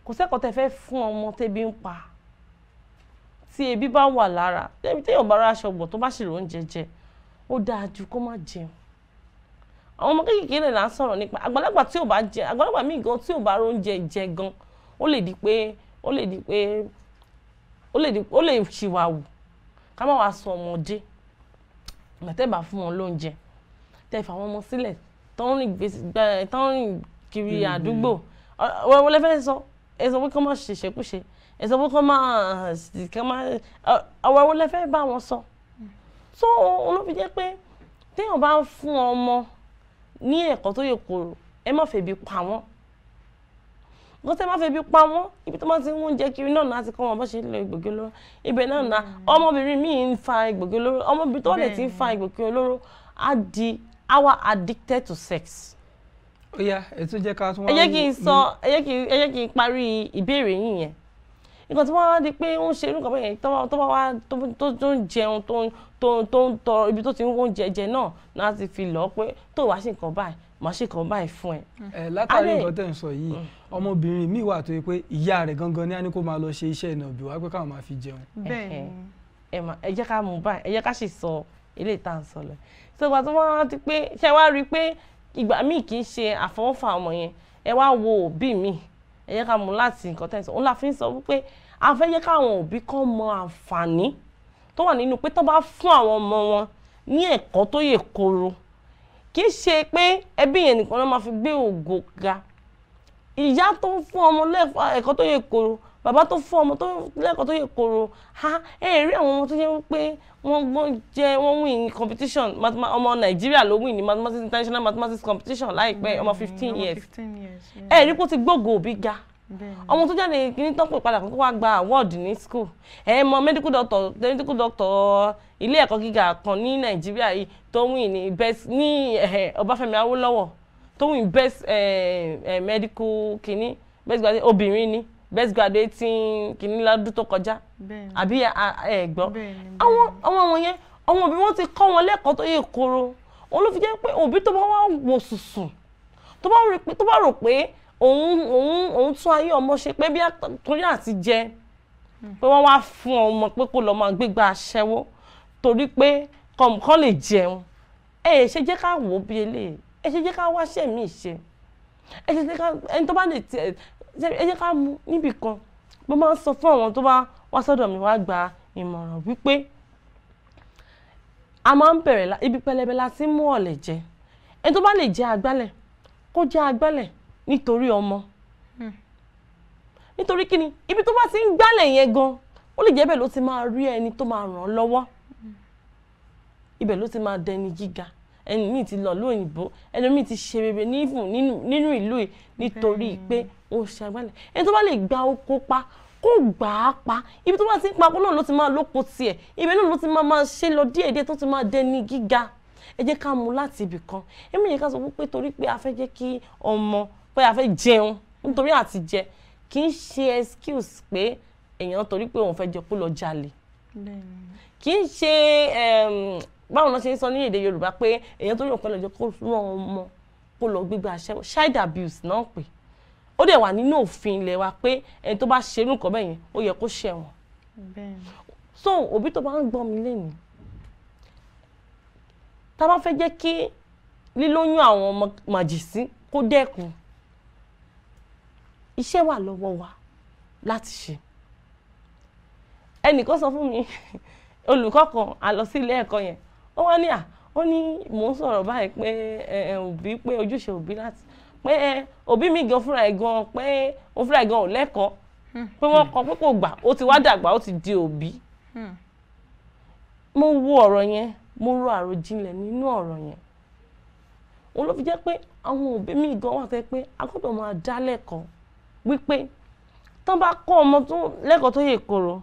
kò sẹ́kọ̀ọ́ tẹ fẹ́ fún ọmọ tẹ́bi ń pa tí ebi bá wà lára téèyàn bá ráṣọ bọ̀ tó bá sì ló ń jẹjẹ ó dáa ju kó má jẹun àwọn ọmọ kékeré náà là ń sọ̀rọ̀ nípa àgbàlagbà tí ò bá jẹ àgbàlagbà míì gan tí ò bá róúnjẹ jẹ gan ó lè di pé ó lè di pé ó lè di ó lè ṣìwàwù ká má wàá sọ ọmọdé gbàtẹ́bà fún wọn lóúnjẹ tẹ́ fà wọn ọmọ sílẹ̀ tán rìn kiri mm-hmm. àdúgbò wọ́n lè fẹ́ sọ ẹ sọ pé kọ́ máa ṣèṣekúṣe ẹ sọ pé kọ́ máa kọ́ máa àwọn ẹ̀wọ̀n lè fẹ́ bá wọn sọ tó olóbi jẹ́ pé téèyàn bá ń fún ọmọ ní ẹ̀kọ́ tó yẹ kóró ẹ má fẹ́ bí pa wọ́n nǹkan tẹ́ máa fẹ́ bí pa wọ́n ibi tó máa ti ń oúnjẹ kiri náà náà ti kọ́ wọn bó ṣe ń lo egbògi olóró ibẹ̀ náà náà mm. ọmọbìnrin mi awa addicted to sex. ó yá ẹ jẹ́ ká tún wá. ẹ sọ ẹ jẹ́ kí n parí ìbéèrè yín yẹn nǹkan wá di pé ibi tó ti ń wọ́n jẹjẹ náà láti fi màá ṣe kàn báyìí fún ẹ. ẹ mm. eh, látàrí nǹkan tẹ̀ ń sọ yìí mm. ọmọbìnrin mi wà tó yẹ pé ìyá rẹ̀ gangan ni a ní kó máa lọ ṣe iṣẹ́ ìnàbí wá pé káwọn máa fi jẹun. bẹ́ẹ̀ ẹ jẹ́ ká mú báyìí ẹ jẹ́ ká sì sọ eléyìí tá à ń sọ lọ. ṣé ìgbà tó wọ́n rántí pé ṣé wàá rí i pé ìgbà míì kì í ṣe àfọwọ́fà ọmọ yẹn ẹ wá wo òbí mi ẹ jẹ́ ká mú láti nǹkan tẹ̀ ń sọ òun la fi ń sọ wípé a fẹ́ jẹ́ káwọn òbí kan mọ àǹfààní tó wà nínú pé tó bá fún àwọn ọmọ wọn ní ẹ̀kọ́ tó yè kooro kì í ṣe pé ẹbí yẹn nìkan ló máa fi gbé ògo ga ìyá tó fún ọmọ lẹ́kọ̀ọ́ ẹ̀kọ́ tó yẹ kóró bàbá tó fún ọmọ lẹ́kọ̀ọ́ tó yẹ kóró ha ẹ rí àwọn ọmọ tó yẹ pé wọ́n gbọ́n jẹ́ wọ́n win ní competition ọmọ nàìjíríà ló win ní mathematics international mathematics competition láìpẹ́ hmm, ọmọ fifteen years ẹ rí kó ti gbógo òbí ga ọmọ tó jáde kí ní tọ́pọ̀ padà kó wá gba award ní school ẹ mọ medical doctor medical doctor ilé ẹ̀kọ́ gíga kan ní nàìjíríà yìí tó win ní best ní ọbáfẹ́mi awólọ́wọ̀ tó win best medical kìíní best graduate obìnrin ni best graduating kìíní lọ́dún tó kọjá àbí ẹ̀gbọ́n àwọn ọmọ wọn yẹn ọmọ òbí wọn ti kọ́ wọn lẹ́kọ̀ọ́ tó yẹ kóró òun ló fi jẹ́ pé òbí tó bá wà wò sùsùn tó bá rò pé òun òun òun tún ayé ọmọ ṣe pé bí torí àti jẹ pé wọ́n wá fún ọmọ pé kó lọ́ọ́ máa gbégbá aṣẹ́wó torí pé kọ̀ọ̀kan lè jẹun ẹ ẹ ṣe jẹ́ ká wò ó bí eléyìí ẹ ṣe jẹ́ ká wáṣẹ́ mi ṣe ẹ ṣe jẹ́ ká ẹni tó bá lè tiẹ̀ ẹ jẹ́ ká mú níbì kan mo máa ń sọ fún àwọn tó bá wá sọ́dọ̀ mi wá gba ìmọ̀ràn wípé a máa ń bẹ̀rẹ̀ ibi pẹlẹbẹ la ti mú ọ̀lẹ̀ jẹ ẹni tó bá lè jẹ agbálẹ̀ kó jẹ agbálẹ̀ nítorí ọmọ hmm. nítorí kíni ibi tó bá ti ń gbálẹ̀ yẹn gan ó lè jẹ́ bẹ́ẹ̀ ló ti máa rí ẹni tó máa ràn án lọ́wọ́ hmm. ibẹ̀ ló ti máa dẹni gíga ẹni míì ti lọ lóyìnbó ẹni míì ti ṣe rere nínú ìlú yìí nítorí pé ó ṣe agbálẹ̀ ẹni tó bá lè gba oko pa kó gbà á pa ibi tó bá ti ń pa kó náà ló ti máa lóko tiẹ̀ ibẹ̀ náà ló ti máa máa ṣe lọ díẹ̀díẹ̀ tó ti máa dẹni gíga ẹ jẹ́ ká mú láti ibì kan ẹ mú yẹn ká sọ pé torí pé a fẹ́ jẹ́ kí ọmọ bóyá a fẹ́ jẹun nítorí àti jẹ kì í ṣe excuse pé èèyàn torí pé òun fẹ́ jẹ kó lọ jalè kì í ṣe báwo ló ṣe ń sọ ní èdè Yorùbá pé èèyàn torí òun fẹ́ lọ jẹ kó lọ ọmọ kó lọ gbégbá aṣẹ́wó child abuse náà pè ó dẹ̀ wà nínú òfin ilẹ̀ wa pé ẹni tó bá ṣe irú nǹkan bẹ́ẹ̀ yẹn ó yẹ kó ṣẹ̀wọ̀n so òbí tó bá ń gbọ́ mi lẹ́nu tá a bá fẹ́ jẹ́ kí lílóyún àwọn ọmọ màjèsí kó dẹ́kun iṣẹ́ wà lọ́wọ́ wa láti ṣe ẹnìkan sọ fún mi olùkọ́ kan a lọ sí ilé ẹ̀kọ́ yẹn ó wá ní à ó ní mò ń sọ̀rọ̀ báyìí pé òbí pé ojúṣe òbí láti pé òbí mi gan fúnra ẹ̀ gan pé òun fúnra ẹ̀ gan ò lẹ́kọ̀ọ́ hmm. pé wọ́n kọ pé kò gbà ó ti wá dàgbà ó ti di òbí hmm. mo wo ọ̀rọ̀ yẹn mo ro àròjinlẹ̀ nínú ọ̀rọ̀ yẹn òun ló fi jẹ́ pé àwọn òbí mi gan wà fẹ́ pé a gbọ́dọ̀ máa dá lẹ́kọ̀ọ́ wípé tán bá kọ́ ọmọ tó lẹ́kọ̀ọ́ tó yè koro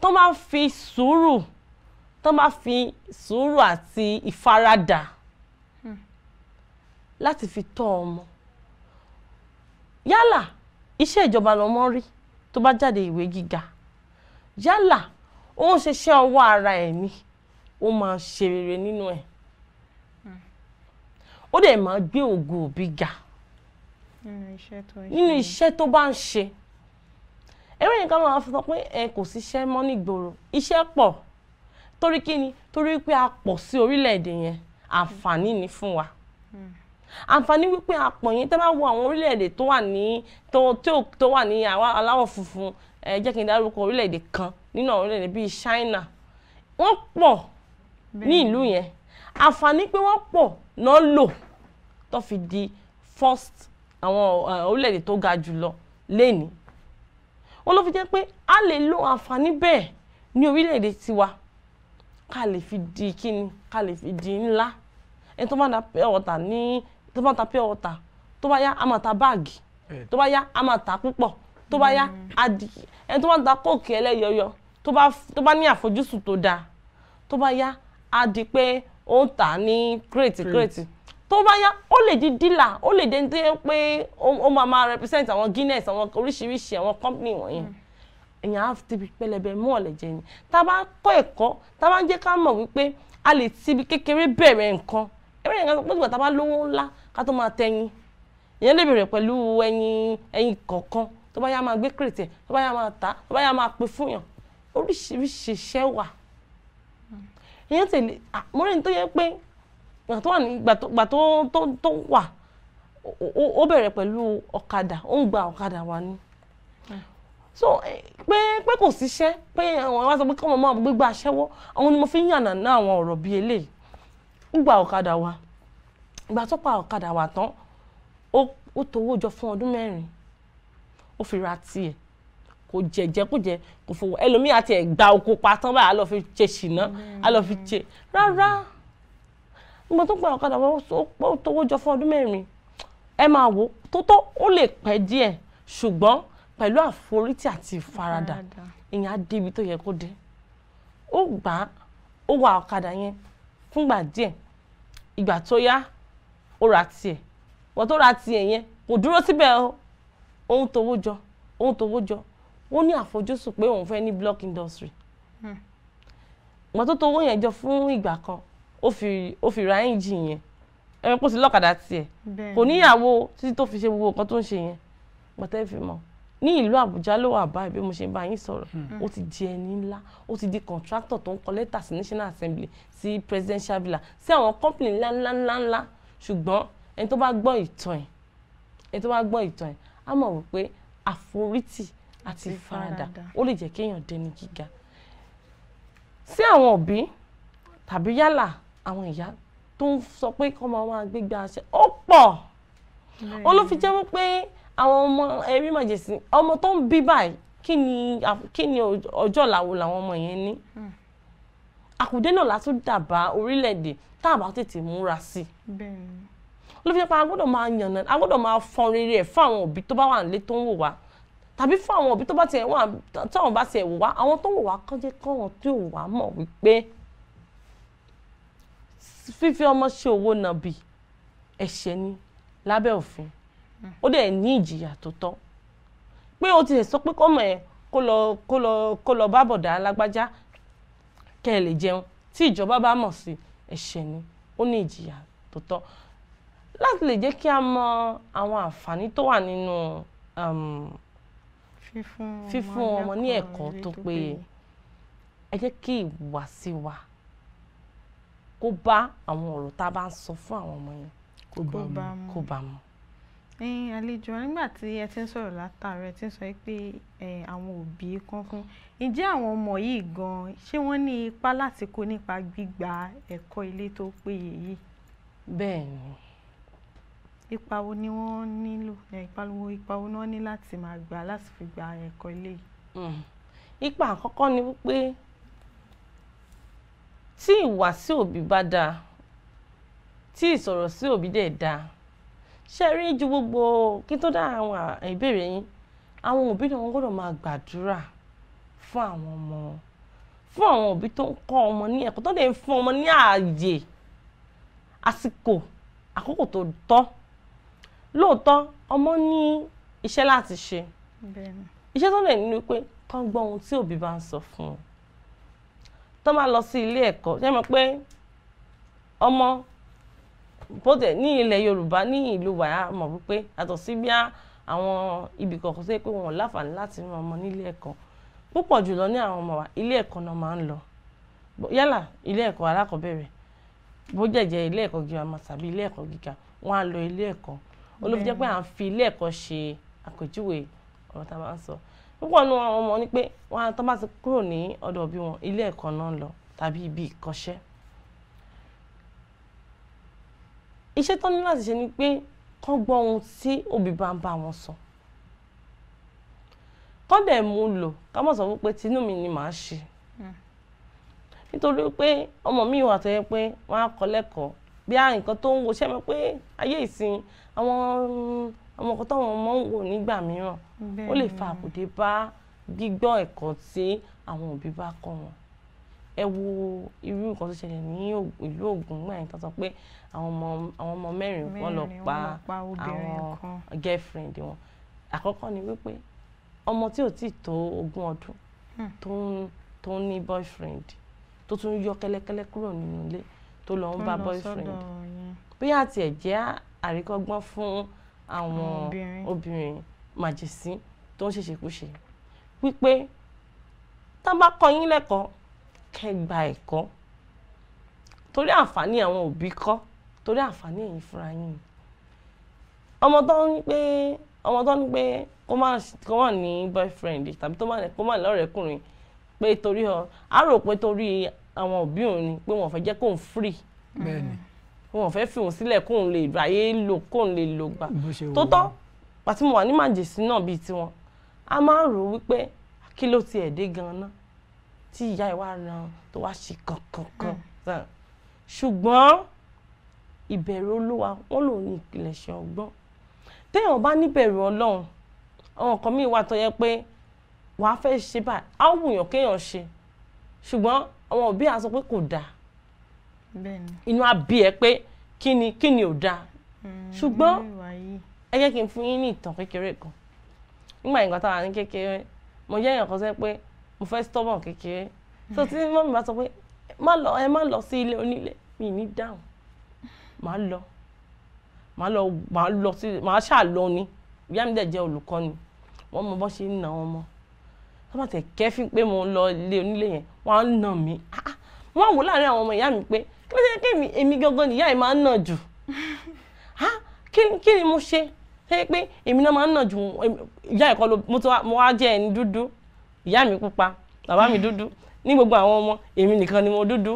tán bá fi sùúrù tán bá fi sùúrù àti ìfaradà láti fi tọ́ ọmọ yálà iṣẹ́ ìjọba lọmọ rí tó bá jáde ìwé gíga yálà ó ń ṣiṣẹ́ ọwọ́ ara ẹ̀ ni ó máa ṣe rere nínú ẹ̀ ó dẹ̀ máa gbé ògo òbí ga. Hmm nínú iṣẹ́ tó bá ń ṣe eré nìkan máa sọ pé ẹ kò síṣẹ́ mọ́ nígboro iṣẹ́ pọ̀ torí kí ni torí pé a pọ̀ sí orílẹ̀-èdè yẹn àǹfààní ni fún wa hmm. àǹfààní wípé a pọ̀ yẹn tẹ́ bá wo àwọn orílẹ̀-èdè tó wà ní tó wà ní aláwọ̀ funfun ẹ jẹ́ kí n dárúkọ orílẹ̀-èdè kan nínú àwọn orílẹ̀-èdè bíi China wọ́n pọ̀ ní ìlú yẹn àǹfààní pé wọ́n pọ̀ náà lò tó fi di first àwọn orílẹ̀-èdè tó ga jùlọ lẹ́ni wọn ló fi jẹ́ pé a lè lo àǹfààní bẹ́ẹ̀ ní orílẹ̀-èdè tiwa ká lè fi di kíni ká lè fi di ńlá ẹni tó bá ta pure water ní tó bá ta pure water tó bá yá a máa ta báàgì tó bá yá a máa ta púpọ̀ tó bá yá a di ẹni tó bá ta kóòkì ẹlẹ́yọyọ tó bá ní àfojúsùn tó dáa tó bá yá a di pé ó ń tà ní kírètì kírètì tó bá yá ó lè di dílà ó lè dé dé pé ó máa máa represent àwọn Guinness àwọn oríṣiríṣi àwọn company wọ̀nyẹn èèyàn mm. á ti bi pẹlẹbẹ mú ọ̀lẹ̀jẹ̀ ni tá a bá kọ́ ẹ̀kọ́ tá a bá ń jẹ́ ká mọ̀ wípé a lè ti ibi kékeré bẹ̀rẹ̀ nǹkan ẹ̀rọ yẹn kan sọ pé ìgbà tá a bá lówó ńlá ká tó máa tẹyin ìyẹn lè bẹ̀rẹ̀ pẹ̀lú ẹyin ẹyin kọ̀ọ̀kan tó bá yá máa gbé kìrìtì tó bá yá máa tà tó bá yá máa pè fún yàn oríṣiríṣi iṣẹ́ wà mm. ìyẹn tẹ̀lé àmọ́rẹ́ni tó yẹ pé ìgbà tó wà ní ìgbà tó tó wà ó bẹ̀rẹ̀ pẹ̀lú ọ̀kadà ó ń gba ọ̀kadà wa ni so eh, pé pé kò síṣẹ́ pé àwọn wá sọ pé káwọn máa gbégbá aṣẹ́wó àwọn ni mo fi ń yànnà ná àwọn ọ̀rọ̀ bíi eléyìí ó gba ọ̀kadà wa ìgbà tó pa ọ̀kadà wa tán ó towó jọ fún ọdún mẹ́rin ó fi ra tiẹ̀ kò jẹjẹ kò jẹ kò fowó ẹlòmíì àti ẹ̀ gba oko pa tán báyìí á lọ fi ṣe ṣìnà á lọ fi ṣe rárá. Mm -hmm mo tún gba ọ̀kadà wọn ó tówó jọ fún ọdún mẹ́rin ẹ máa wò tó tó ó lè pẹ́ díẹ̀ ṣùgbọ́n pẹ̀lú àforítì àti ìfaradà ìyẹn á débi tó yẹ kó dé ó gbà á ó wa ọ̀kadà yẹn fúngbà díẹ̀ ìgbà tó yá ó ra tiẹ̀ wọ́n tó ra tiẹ̀ yẹn kò dúró síbẹ̀ o òun tówó jọ òun tówó jọ ó ní àfojúsùn pé òun fẹ́ ní block industry wọ́n hmm. tó tówó yẹn jọ fún ìgbà kan ó fi ó fi ráyìn jì yẹn ẹ kó ti lọ́kadà tiẹ̀ kò níyàwó títí tó fi ṣe gbogbo nǹkan tó ń ṣe yẹn pọ̀tẹ́ fi mọ̀ ní ìlú àbújá ló wà báyìí bí mo ṣe bá yín sọ̀rọ̀ hmm. ó ti di ẹni ńlá ó ti di contractor tó ń kọ lẹ́tà sí national assembly sí presidential villa sí àwọn company ńlá ńlá ńlá ńlá ṣùgbọ́n ẹni tó bá gbọ́ ìtàn ẹ̀ ẹni tó bá gbọ́ ìtàn ẹ̀ á mọ̀ wípé àforítì àti ìfaradà ó lè jẹ́ kéèyàn dẹni gíga sí àwọn òbí tàbí yálà àwọn ìyá tó ń sọ pé kọ́ máa máa gbégbá aṣẹ ó pọ̀ ó ló fi jẹ́ wípé àwọn ọmọ ẹ̀rí màjèsí ọmọ tó ń bí báyìí kí ni kí ni ọjọ́ làwo làwọn ọmọ yẹn ní hmm. àkùdé náà látún dàbá orílẹ̀-èdè tá a bá tètè múra sí i ló fi jẹ́ pé a gbọ́dọ̀ máa yànnà a gbọ́dọ̀ máa fọn rere ẹ̀ fún àwọn òbí tó bá wà nílé tó ń wò wá tàbí fún àwọn òbí tó bá tiẹ̀ wà táwọn bá tiẹ̀ wò wá àwọn tó wò wá kán kọ́ wọn tí ò wá mọ̀ wípé fífi ọmọ ṣe òwò nàbì ẹ̀ṣẹ̀ ni lábẹ́ òfin hmm. ó dẹ̀ ní ìjìyà tó tọ́ pé o ti lè sọ pé kọ́mọ ẹ̀ kó lọ kó lọ kó lọ bá bọ̀dá alágbájá kẹ́ ẹ lè jẹun tí ìjọba bá mọ̀ sí ẹ̀ṣẹ̀ ni ó ní ìjìyà tó tọ́ láti lè jẹ́ kí a mọ àwọn àǹfààní tó wà nínú um, fífún ọmọ ní ẹ̀kọ́ tó péye ẹ jẹ́ kí ìwàsí wa kó bá àwọn ọ̀rọ̀ tá a bá ń sọ fún àwọn ọmọ yẹn kó bá mu kó bá mu. ẹyin àlejò nígbà tí ẹ ti ń sọ̀rọ̀ látàárọ̀ ẹ ti ń sọ pé àwọn òbí kan fún ǹjẹ́ àwọn ọmọ yìí gan-an ṣé wọ́n ní ipa láti kó nípa gbígba ẹ̀kọ́ ilé tó péye yìí. bẹ́ẹ̀ ni. ipa wo ni wọ́n nílò ipa wo ipa wo ni wọ́n ní láti máa gbà láti fi gba ẹ̀kọ́ ilé yìí. Hmm. ipa àkọ́kọ́ ni wípé tí ìwà sí òbí bá dáa tí ìsọ̀rọ̀ sí òbí dẹ̀ dáa ṣe rí ju gbogbo kí tó dá àwọn ìbéèrè yín àwọn òbí náà wọn gbọ́dọ̀ máa gbàdúrà fún àwọn ọmọ wọn fún àwọn òbí tó ń kọ́ ọmọ ní ẹ̀kọ́ tó dẹ̀ ń fún ọmọ ní ààyè àsìkò àkókò tó tọ́ lóòótọ́ ọmọ ní iṣẹ́ láti ṣe iṣẹ́ tó dẹ̀ ní pé kán gbọ́ ohun tí òbí bá ń sọ fún un tó máa lọ sí ilé ẹ̀kọ́ ṣé mo pé ọmọ bóde ní ilẹ̀ Yorùbá ní ìlú wàá mọ̀ wípé yàtọ̀ sí bí àwọn ibì kọ̀ọ̀kan tó yẹ pé wọn ò láǹfààní láti rán ọmọ nílé ẹ̀kọ́ púpọ̀ jùlọ ní àwọn ọmọ wa ilé ẹ̀kọ́ náà máa ń lọ yálà ilé ẹ̀kọ́ alákọ̀ọ́bẹ̀rẹ̀ bó jẹ̀jẹ̀ ilé ẹ̀kọ́ girama tàbí ilé ẹ̀kọ́ gíga wọn á lọ ilé ẹ̀kọ́ olófin pé à ń fi ilé ẹ̀kọ́ ṣe àpèjúwe ọ̀rọ̀ tá a máa ń sọ púpọ̀ nínú àwọn ọmọ ni pé wọn àtọ́ bá ti kúrò ní ọ̀dọ̀ bí wọn ilé ẹ̀kọ́ náà lọ tàbí ibi ìkọ́ṣẹ́ iṣẹ́ tó ní láti ṣe ni pé kán gbọ́ ohun tí òbí bá ń bá wọn sọ kán dẹ̀ mú un lò ká mọ̀ sọ pé tinú mi ni màá ṣe hmm. nítorí pé ọmọ mi wà tó yẹ pé wọn á kọ́ lẹ́kọ̀ọ́ bí i nǹkan tó ń wo ṣẹ́ mi pé ayé ìsìn àwọn àwọn nǹkan táwọn ọmọ ń wò nígbà mìíràn ó lè fa àkùdé bá gbígbọ́ ẹ̀kọ́ tí àwọn òbí bá kọ́ wọn ẹ wo irú nǹkan tó ṣẹlẹ̀ ní ìlú Ògùn gbà yẹn tó sọ pé àwọn ọmọ mẹ́rin wọ́n lọ pa àwọn girlfriend wọn àkọ́kọ́ ni wípé ọmọ tí ò tí tó ogún ọdún hmm. tó ń ní boyfriend tó tún yọ kẹ́lẹ́kẹ́lẹ́ kúrò nínú ilé tó lọ ń bá boyfriend bóyá àti ẹ̀ jẹ́ àríkọ́gbọ́n fún àwọn obìnrin màjèsín tó ń ṣèṣekúṣe wípé tá bá kọ́ yín lẹ́kọ̀ọ́ kẹ́ gba ẹ̀kọ́ torí àǹfààní àwọn òbí kọ́ torí àǹfààní ẹ̀yin fúnra yín ọmọ tó ń pé ọmọ tó ń pé kó má ní boyfriend tàbí kó má ní lọ́rẹ̀ẹ́kùnrin pé torí ọ á rò pé torí àwọn òbí òun ni pé wọ́n fẹ́ jẹ́ kóun free. bẹ́ẹ̀ni wọn ò fẹ́ fi òun sílẹ̀ kóun lè ráyé lò kóun lè lò gbà tó tọ́ pàtí mo wà ní màjèsí náà bíi tiwọn a máa ń rò wípé kí ló tiẹ̀ dé gan-an tí ìyá ẹ̀ wá ran tó wá ṣe kankankan tán mm. ṣùgbọ́n ìbẹ̀rù olúwa wọn lòun ní ìpìlẹ̀ṣẹ̀ ọgbọ́n téèyàn bá níbẹ̀rù ọlọ́run àwọn nǹkan míì wà tó yẹ pé wàá fẹ́ ṣe báyìí á wùyàn kéèyàn ṣe ṣùgbọ́n àwọn òbí àá sọ pé kò dáa inú á bí ẹ pé kí ni kí ni ò dáa hmm, ṣùgbọ́n ẹ jẹ́ kí n fún yín ní ìtàn kékeré kan nígbà yìí kan táwa ní kékeré mo jẹ́ èèyàn kan sẹ́ pé mo fẹ́ stubborn kékeré so tí mọ́mí bá sọ pé má lọ ẹ má lọ sí ilé onílé mi ní dáhùn má lọ má lọ má lọ sí má ṣáà ni ìyá mi dẹ̀ jẹ́ olùkọ́ ni wọ́n mọ bọ́ ṣe ń na wọn mọ́ tọ́ba tẹ̀ kẹ́fín pé mo lọ ilé onílé yẹn wọ́n á nà mí ah, ah. wọ́n á wò láàrin àwọn ọmọ ìyá mi pé ó yẹ kí èmi gangan nìyá ẹ̀ máa ń nà jù kí ni mo ṣe ṣe pé èmi náà máa ń nà jù ìyá ẹ̀kọ́ ló mo wá jẹ́ ẹni dúdú ìyá mi pupa bàbá mi dúdú ní gbogbo àwọn ọmọ èmi nìkan ni mo dúdú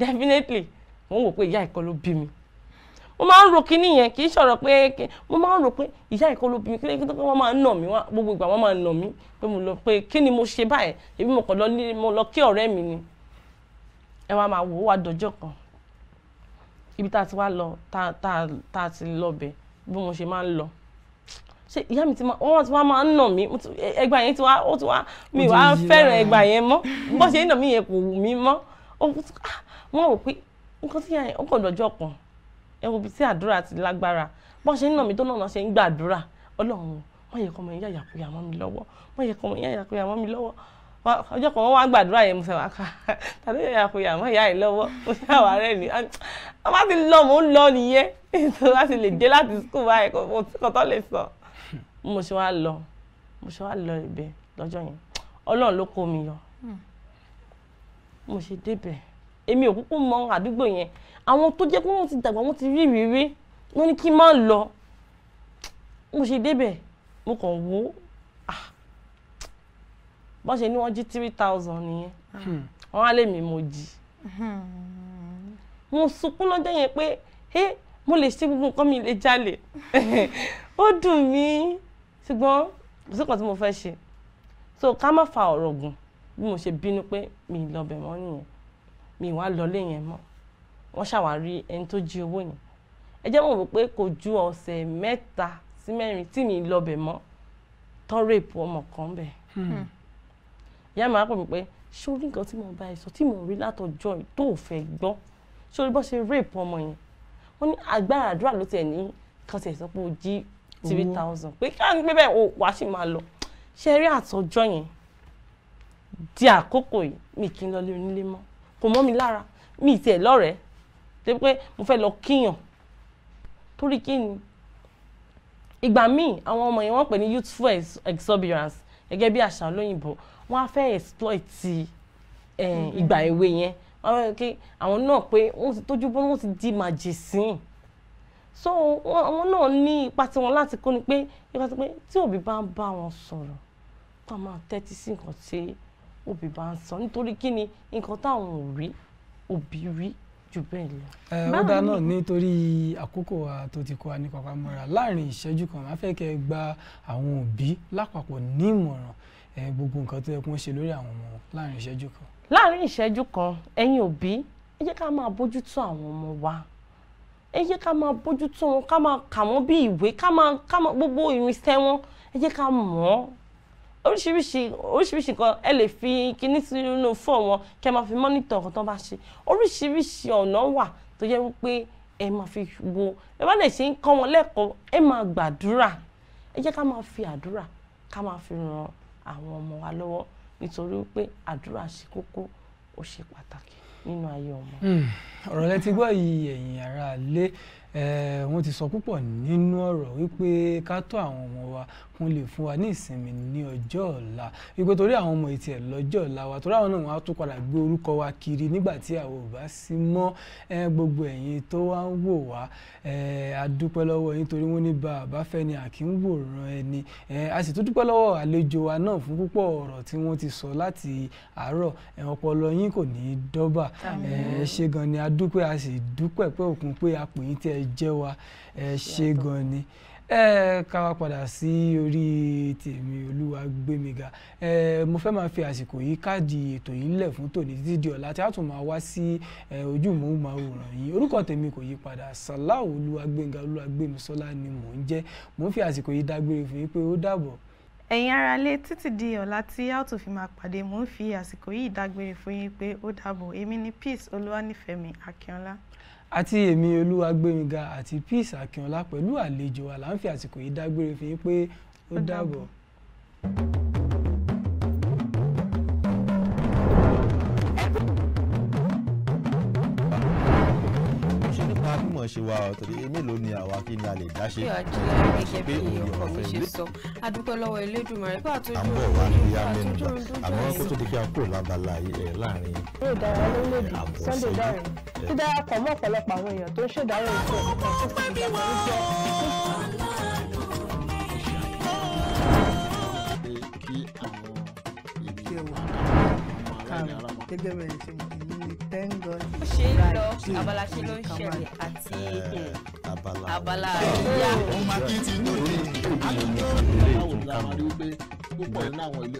definitely mo ń wò pé ìyá ẹ̀kọ́ ló bí mi mo máa ń ro kinní yẹn kì í sọ̀rọ̀ pé mo máa ń ro pé ìyá ẹ̀kọ́ ló bí mi kí lóyún wọ́n máa ń nà mí gbogbo ìgbà wọ́n máa ń nà mí pé kí ni mo ṣe báyìí èmi mo kàn lọ kí ọ̀rẹ́ mi ni ẹ wá máa wò ó wá dọjọ́ kan ibi tá a ti wá lọ tá tá tá a ti lọ bẹ̀ bí mo ṣe máa ń lọ ṣe ìyá mi ti máa wọ́n ti wá máa ń nà mí ẹgbà yẹn ti wá ó ti wá mi wá fẹ́ràn ẹgbà yẹn mọ́ bó ṣe ń nà mí yẹn kò wù mí mọ́ ah, wọ́n rò pé nǹkan tí yà yẹn ó kàn dọjọ́ kan ẹ wo ibi tí àdúrà ti lágbára bó ṣe ń nà mí tó náà ṣe ń gbàdúrà ọlọ́run wọ́n yẹ kọ́ ọmọ yẹn yàyàkuyà mọ́ mi lọ́wọ́ wọ́n yẹ kọ́ ọmọ yẹn yàyàkuyà mọ́ mi lọ́wọ́ ọjọ́ kan wọ́n wá gbàdúrà yẹn mo sọ wàá ká tàbí ìyá kò yà mọ́ ìyá yìí lọ́wọ́ mo ṣe àwọn ààrẹ ni wọ́n bá ti lọ mò ń lọ nìyẹn tó láti lè dé láti skul báyìí kò tó lè sọ hmm. mo ṣe wá lọ mo ṣe wá lọ ibẹ̀ lọ́jọ́ yẹn ọlọ́run ló kó mi yọ hmm. mo ṣe débẹ̀ èmi ò kúkú mọ àdúgbò yẹn àwọn tó jẹ́ pé wọ́n ti dàgbà wọ́n ti rí ìrírí wọ́n ní kí n má lọ mo ṣe débẹ̀ mo kàn wò ó bọ́n ṣe ní wọ́n jí three thousand nìyẹn ah. hmm. wọ́n á lè mí mo jí hmm. mo sunkún lọ́jọ́ yẹn pé ẹ mo lè ṣe gbogbo nǹkan mi lè jalè ó dùn mí ṣùgbọ́n kò sí kan tí mo fẹ́ ṣe so ká má fa ọ̀rọ̀ gùn bí mo ṣe bínú pé mi lọ bẹ̀ mọ́ nìyẹn mi wá lọlé yẹn mọ́ wọ́n ṣàwárí ẹni tó jí owó yẹn ẹ jẹ́ mọ̀ wò pé kò ju ọ̀sẹ̀ mẹ́ta sí mẹ́rin tí mi lọ mọ́ tán rèpù ọmọ kan bẹ̀. Hmm ìyá mi á pè mí pé ṣé orí nǹkan tí mo bá ẹ sọ tí mo rí látọjọ́ yìí tó fẹ́ gbọ́ ṣé orí bó ṣe rape ọmọ yẹn wọ́n ní agbára àdúrà ló tiẹ̀ ní kan tiẹ̀ sọ pé o jí three thousand pé ká ní pé bẹ́ẹ̀ o wàá sì máa lọ ṣe rí àtọjọ́ yẹn di àkókò yìí mi kì í lọ lé onílé mọ́ kò mọ́ mi lára mi tiẹ̀ lọ́rẹ̀ẹ́ débi pé mo fẹ́ lọ kíyàn torí kí ni ìgbà míì àwọn ọmọ yẹn wọ́n pè ní youthful exuberance gẹ́gẹ́ bí àṣà olóyìnbó wọ́n á fẹ́ exploit eh, ìgbà èwe yẹn àwọn náà pé wọ́n ti tójú bọ́ wọ́n ti di màjèsín so àwọn náà ní ipa tiwọn láti kó ni pé ipa ti pé tí òbí bá ń bá wọn sọ̀rọ̀ tó a máa tẹ́tí sí nǹkan tí òbí bá ń sọ nítorí kí ni nǹkan táwọn ò rí òbí rí jù bẹ́ẹ̀ lọ. ẹ ó dá náà nítorí àkókò wa tó mọ́ra láàrin ìṣẹ́jú kan máa fẹ́ kẹ́ gba àwọn òbí lápapọ̀ ní ìmọ̀ràn gbogbo nǹkan tó yẹ kí wọ́n ṣe lórí àwọn ọmọ wọn láàrin ìṣẹ́jú kan. láàrin ìṣẹ́jú kan ẹ̀yin òbí ẹ jẹ́ ká máa bójútó àwọn ọmọ wa ẹ jẹ́ ká máa bójútó wọn ká máa kà wọ́n bí ìwé ká máa ká máa gbogbo irinṣẹ́ wọn ẹ jẹ́ ká mọ̀ ọ́ oríṣiríṣi oríṣiríṣi nǹkan ẹ lè fi kíní sínú fóònù wọn kẹ́ máa fi mọ́nítọ̀ ọ̀kan tó bá ṣe oríṣiríṣi ọ̀nà wà tó yẹ wípé ẹ máa fi wo ẹ bá lè ṣe ń kọ́ wọn lẹ́kọ̀ọ́ ẹ máa gbàdúrà ẹ jẹ́ ká máa fi àdúrà ká máa fi ràn àwọn ọmọ wa lọ́wọ́ nítorí pé àdúrà ṣe kókó ó ṣe pàtàkì nínú ayé ọmọ. Hmm, ọ̀rọ̀ lẹ gbọ́ yìí ẹ̀yin ará ilé wọ́n ti sọ púpọ̀ nínú ọ̀rọ̀ wípé ká tọ́ àwọn ọmọ wa kún lè fún wa ní ìsinmi ní ọjọ́ ọ̀la wípé torí àwọn ọmọ ìtì ẹ̀ lọ́jọ́ ọ̀la wa torí àwọn náà wọ́n á tún padà gbé orúkọ wa kiri nígbà tí àwọn ò bá sí mọ́ gbogbo ẹ̀yin tó wá ń wò wá a dúpẹ́ yín torí wọ́n ní bàbá fẹ́ ni àkì ń wòran ẹni a sì tún dúpẹ́ lọ́wọ́ àlejò wa náà fún púpọ̀ ọ̀rọ̀ tí wọ́n ti sọ láti àárọ̀ ọpọlọ yín kò ní í dọ́bà ẹ gan ni a dúpẹ́ a sì dúpẹ́ pé òkun pé a yín tí jẹ́ wa ẹ ṣe gan ni ẹ ká wá padà sí orí tèmi Olúwagbémiga ẹ mo fẹ́ máa fi àsìkò yìí káàdì ètò yìí lẹ̀ fún tòní títí ọ̀la tí a tún máa wá sí ojú mòúnmáwòrán yìí orúkọ tèmi kò yí padà Sàláù Olúwagbémiga Olúwagbémisọ́lá ni mò ń jẹ́ mò ń fi àsìkò yìí dágbére fún yín pé ó dàbọ̀. ẹ̀yin aráalé títí di ọ̀la tí a tún fi máa pàdé mò ń fi àsìkò yìí dágbére fún yín pé ó dàbọ̀ èmi ni Peace Olúwanífẹ̀mí Akínọlá àti èmi olúwagbémiga àti peace akínọlá pẹ̀lú àlejò wa là ń fi àsìkò yìí dágbére fi yín pé ó dàbọ̀. thank you mọ̀ ṣe wa ọ̀ torí mélòó ni àwa kí ni a lè dá ṣe. yóò jẹ́ gẹ́gẹ́ bí ọkọ mi ṣe sọ adúpẹ́ lọ́wọ́ Elédùmarè bá àtúntò àmọ́ wa ni ya mẹ́nu bá àmọ́ kó tó di kí a kúrò lábala ẹ̀ láàrin. eré ìdárayá gẹ́gẹ́ bẹ́ẹ̀ ṣe mọ̀ ní thank God. ó ṣe é lọ abala ṣe ló ń ṣẹlẹ̀ àti eh, abala àríyá. ọmọ akin ti nù ní àtúntò ìlú ìtúnkàmù púpọ̀ nínú àwọn ilé.